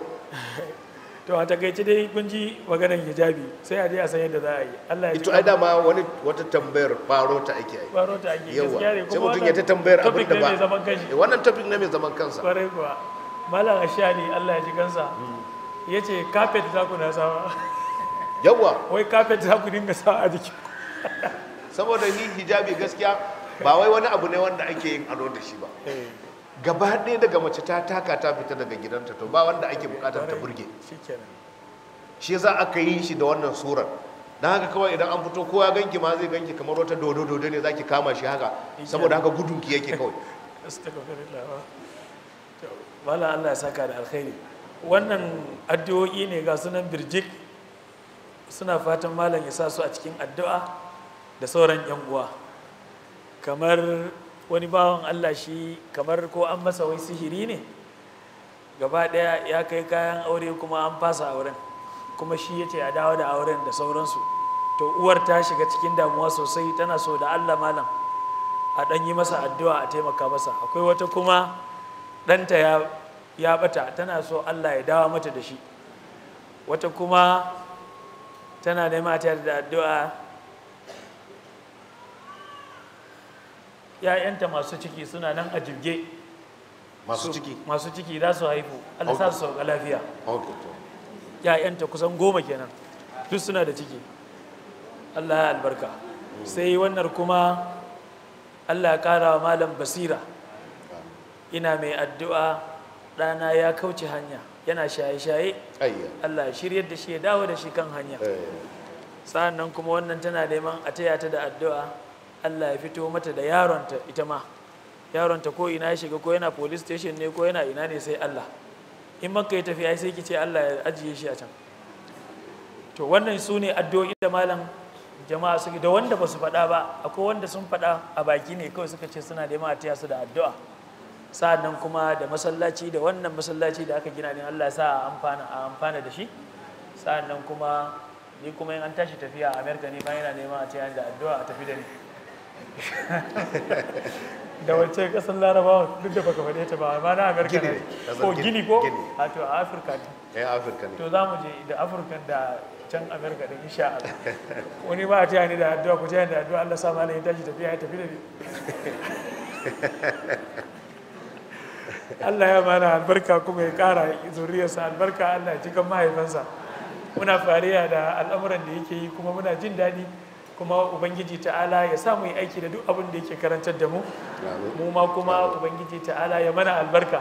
to a takaice dai kun ji maganar hijabi sai a je a san yadda za a yi Allah ya ji ai dama wani wata tambayar faro ta ake yi faro ta ake gaskiya ne kuma mutum ya ta tambayar abin da ba eh, wannan topic ne mai zaman kansa kwarai kuwa malam ashani Allah ya ji kansa hmm. yace carpet za ku na sawa yawa wai carpet za ku dinga sawa a jiki saboda ni hijabi gaskiya ba wai wani abu ne wanda ake yin ado da shi ba eh. gaba ɗaya daga mace ta taka ta fita daga gidanta to ba wanda ake bukatar ta burge shi za aka yi shi da wannan surar don haka kawai idan an fito kowa ganki ma zai ganki kamar wata dodo dodo ne zaki kama shi haka saboda haka gudunki yake kawai wala [laughs] Allah ya saka da alkhairi wannan addu'o'i ne ga sunan birjik suna fatan malam ya sa su a cikin addu'a da sauran yan uwa kamar wani bawan Allah shi kamar ko an masa wai sihiri ne gaba ɗaya ya kai kayan aure kuma an fasa auren kuma shi ya ce a dawo da auren da sauransu to uwar ta shiga cikin damuwa sosai tana so da Allah malam a ɗan yi masa addu'a a taimaka masa akwai wata kuma ɗanta ya ya bata tana so Allah ya dawo mata da shi wata kuma tana nema ta da addu'a 'ya'yanta masu ciki suna nan a jirge masu ciki masu ciki za su haifu Allah su sauka lafiya ‘ya'yanta kusan goma kenan duk suna da ciki Allah ya albarka hmm. sai wannan kuma Allah ya ƙara wa malam basira ina mai addu'a ɗana ya kauce hanya yana shaye-shaye Allah ya shirya da shi ya dawo da shi kan hanya eh. sa'an nan kuma wannan tana neman a taya ta da addu'a Allah ya fito mata da yaronta ita ma yaronta ko ina ya shiga ko yana police station ne ko yana ina ne sai Allah in maka ya tafi ai sai kice Allah ya ajiye shi a can to wannan su ne addu'o'i da malam jama'a suke da wanda ba su faɗa ba akwai wanda sun fada a baki ne kawai suka ce suna da taya su da addu'a sa'annan kuma da masallaci da wannan masallaci da aka gina ne Allah ya sa amfana a amfana da shi sa'annan kuma ni kuma in an tashi tafiya a America ne ba yana neman a taya da addu'a a tafi da ni da wace kasar larabawa duk da baka faɗe ta ba amma na amerika ne ko gini ko a to a afirka ne eh afirka ne to za mu je da afirka da can amerika da insha Allah wani ba ta ni da addu'a ku ta ni da addu'a Allah sa malai tashi tafiya ya tafi da ni Allah ya mana albarka kuma ya kara zuriyarsa albarka Allah ya cikin mahaifansa muna fariya da al'amuran da yake yi kuma muna jin daɗi kuma ubangiji ta'ala ya sa yi aiki da duk abin da yake karantar da mu mu ma kuma ubangiji ta'ala ya mana albarka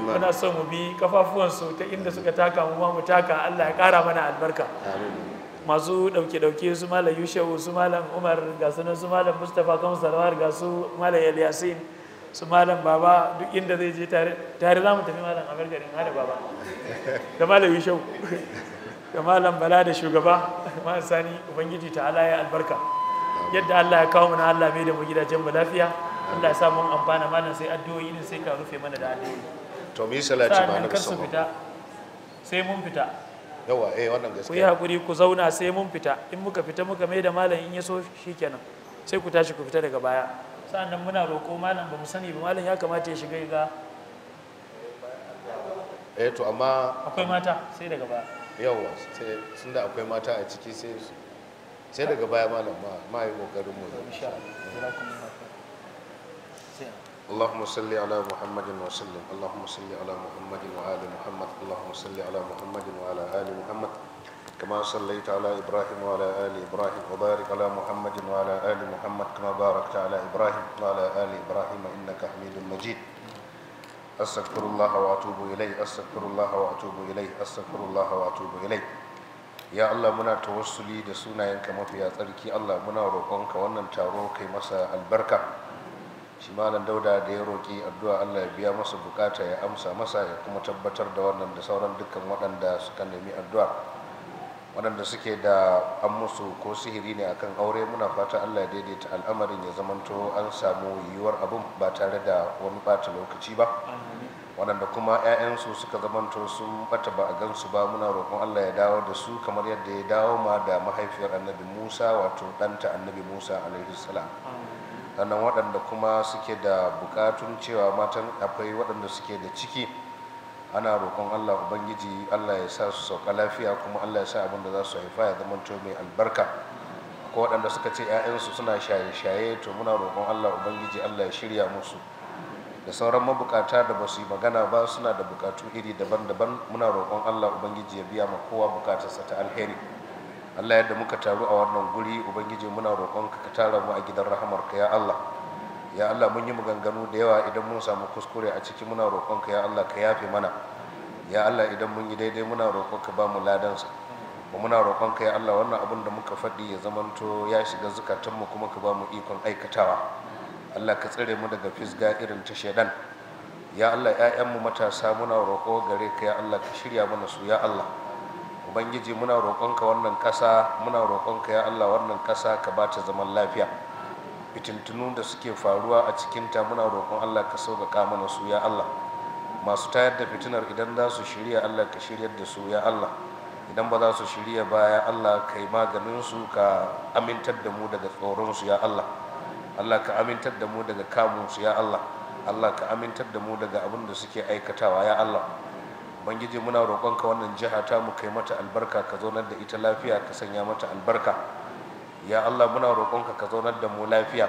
muna so mu bi kafafuwansu ta inda suka taka mu ma mu taka Allah ya kara mana albarka masu dauke-dauke su malam yushewu su malam umar ga sunan su malam mustapha kan salawar ga su malam yaliyasin su malam baba duk inda zai je tare za mu tafi malam amurka din hada baba da malam yushewu [laughs] ga malam bala da shugaba [laughs] ma sani ubangiji ta ala ya albarka yadda Allah ya kawo mana Allah mai da mu gidajen mu lafiya Allah ya sa mun amfana malam sai addu'o'i din sai ka rufe mana da addu'o'i to mu yi salati ma na kasu fita sai mun fita yawa eh wannan gaskiya ku yi hakuri ku zauna sai mun fita in muka fita muka mai da malam in ya so shikenan sai ku tashi ku fita daga baya sa'annan muna roƙo malam ba mu sani ba malam ya kamata ya shiga ga eh to amma akwai mata sai daga baya yawa sai sun da akwai mata a ciki sai su sai daga baya malam ma yi kokarin mu اللهم صل على محمد وسلم اللهم صل على محمد وآل محمد اللهم صل على محمد وعلى آل محمد كما صليت على إبراهيم وعلى آل إبراهيم وبارك على محمد وعلى آل محمد كما باركت على إبراهيم وعلى آل إبراهيم إنك حميد مجيد أستغفر الله وأتوب إليه أستغفر الله وأتوب إليه أستغفر الله وأتوب إليه ya Allah muna tawassuli da sunayenka mafiya tsarki Allah muna roƙonka wannan taro kai masa albarka shi malam dauda da ya roƙi addu'a Allah ya biya masa bukata ya amsa masa ya kuma tabbatar da wannan da sauran dukkan waɗanda suka nemi addu'a waɗanda suke da an musu ko sihiri ne akan aure muna fata allah daidaita al'amarin ya zamanto an samu yiwuwar abin ba tare da wani bata lokaci ba waɗanda kuma 'ya'yansu suka zamanto sun bata ba a gansu ba muna roƙon allah ya dawo da su kamar yadda ya dawo ma da mahaifiyar annabi musa wato ɗanta annabi musa alaihi salam sannan waɗanda kuma suke da bukatun cewa matan akwai waɗanda suke da ciki ana roƙon allah ubangiji allah ya sa su sauka lafiya kuma allah ya sa abin da za su haifa ya zama to mai albarka ko waɗanda suka ce 'ya'yansu suna shaye-shaye to muna roƙon allah ubangiji allah ya shirya musu da sauran mabukata da ba su yi magana ba suna da bukatu iri daban-daban muna roƙon allah ubangiji ya biya ma kowa bukatarsa ta alheri allah yadda muka taru a wannan guri ubangiji muna roƙon ka tara mu a gidan rahamarka ya allah ya Allah mun yi maganganu da yawa idan mun samu kuskure a ciki muna roƙonka ya Allah ka yafe mana ya Allah idan mun yi daidai muna roƙonka ba mu ladansa ba muna roƙonka ya Allah wannan abin da muka faɗi ya zamanto ya shiga zukatanmu kuma ka ba mu ikon aikatawa Allah ka tsare mu daga fisga irin ta shaidan ya Allah ‘ya'yanmu matasa muna roƙo gare ka ya Allah ka shirya mana su ya Allah Ubangiji muna roƙonka wannan ƙasa muna roƙonka ya Allah wannan ƙasa ka ba ta zaman lafiya fitintunu da suke faruwa a cikinta muna roƙon allah ka sauka kamana su ya allah masu tayar da fitinar idan za su shirya allah ka shiryar da su ya allah idan ba za su shirya baya allah ka yi maganinsu ka amintar da mu daga tsoronsu ya allah allah ka amintar da mu daga kamunsu ya allah allah ka amintar da mu daga abin da suke aikatawa ya allah ubangiji muna roƙonka wannan jiha ta mu kai mata albarka ka zaunar da ita lafiya ka sanya mata albarka ya Allah muna roƙonka ka zaunar da mu lafiya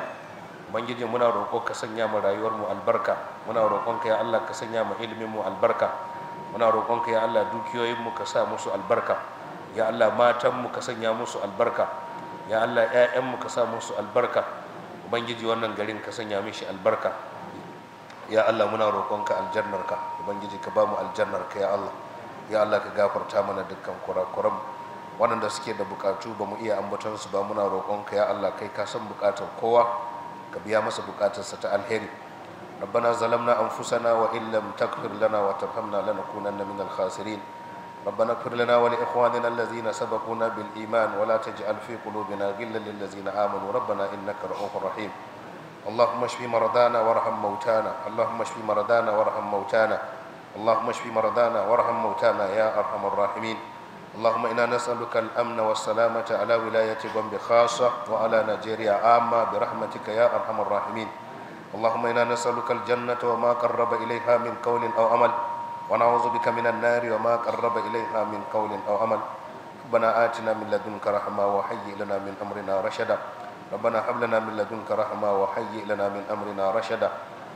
ubangiji muna roƙo ka sanya mu rayuwar mu albarka muna roƙonka ya Allah ka sanya mu ilimin mu albarka muna roƙonka ya Allah dukiyoyin mu ka sa musu albarka ya Allah matan mu ka sanya musu albarka ya Allah ƴaƴan mu ka sa musu albarka ubangiji wannan garin ka sanya mishi albarka ya Allah muna roƙonka aljannarka ka ubangiji ka ba mu aljannarka ya Allah ya Allah ka gafarta mana dukkan kurakuran waɗanda suke da bukatu ba mu iya ambatonsu ba muna roƙonka ya Allah kai ka san bukatar kowa ka biya masa bukatarsa ta alheri ربنا ظلمنا أنفسنا وإن لم تغفر لنا وترحمنا لنكونن من الخاسرين ربنا اغفر لنا ولإخواننا الذين سبقونا بالإيمان ولا تجعل في قلوبنا غلا للذين آمنوا ربنا إنك رؤوف رحيم اللهم اشف مرضانا وارحم موتانا اللهم اشف مرضانا وارحم موتانا اللهم اشف مرضانا وارحم موتانا يا أرحم الراحمين اللهم إنا نسألك الأمن والسلامة على ولاية غومبي خاصة وعلى نيجيريا عامة برحمتك يا أرحم الراحمين اللهم إنا نسألك الجنة وما قرب إليها من قول أو عمل ونعوذ بك من النار وما قرب إليها من قول أو عمل ربنا آتنا من لدنك رحمة وهيئ لنا من أمرنا رشدا ربنا هب لنا من لدنك رحمة وهيئ لنا من أمرنا رشدا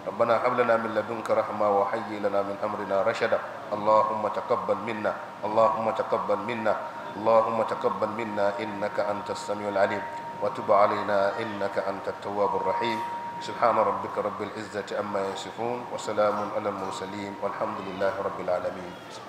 ربنا هب لنا من لدنك رحمة وهيئ لنا من أمرنا رشدا اللهم تقبل منا اللهم تقبل منا اللهم تقبل منا إنك أنت السميع العليم وتب علينا إنك أنت التواب الرحيم سبحان ربك رب العزة أما يصفون وسلام على المرسلين والحمد لله رب العالمين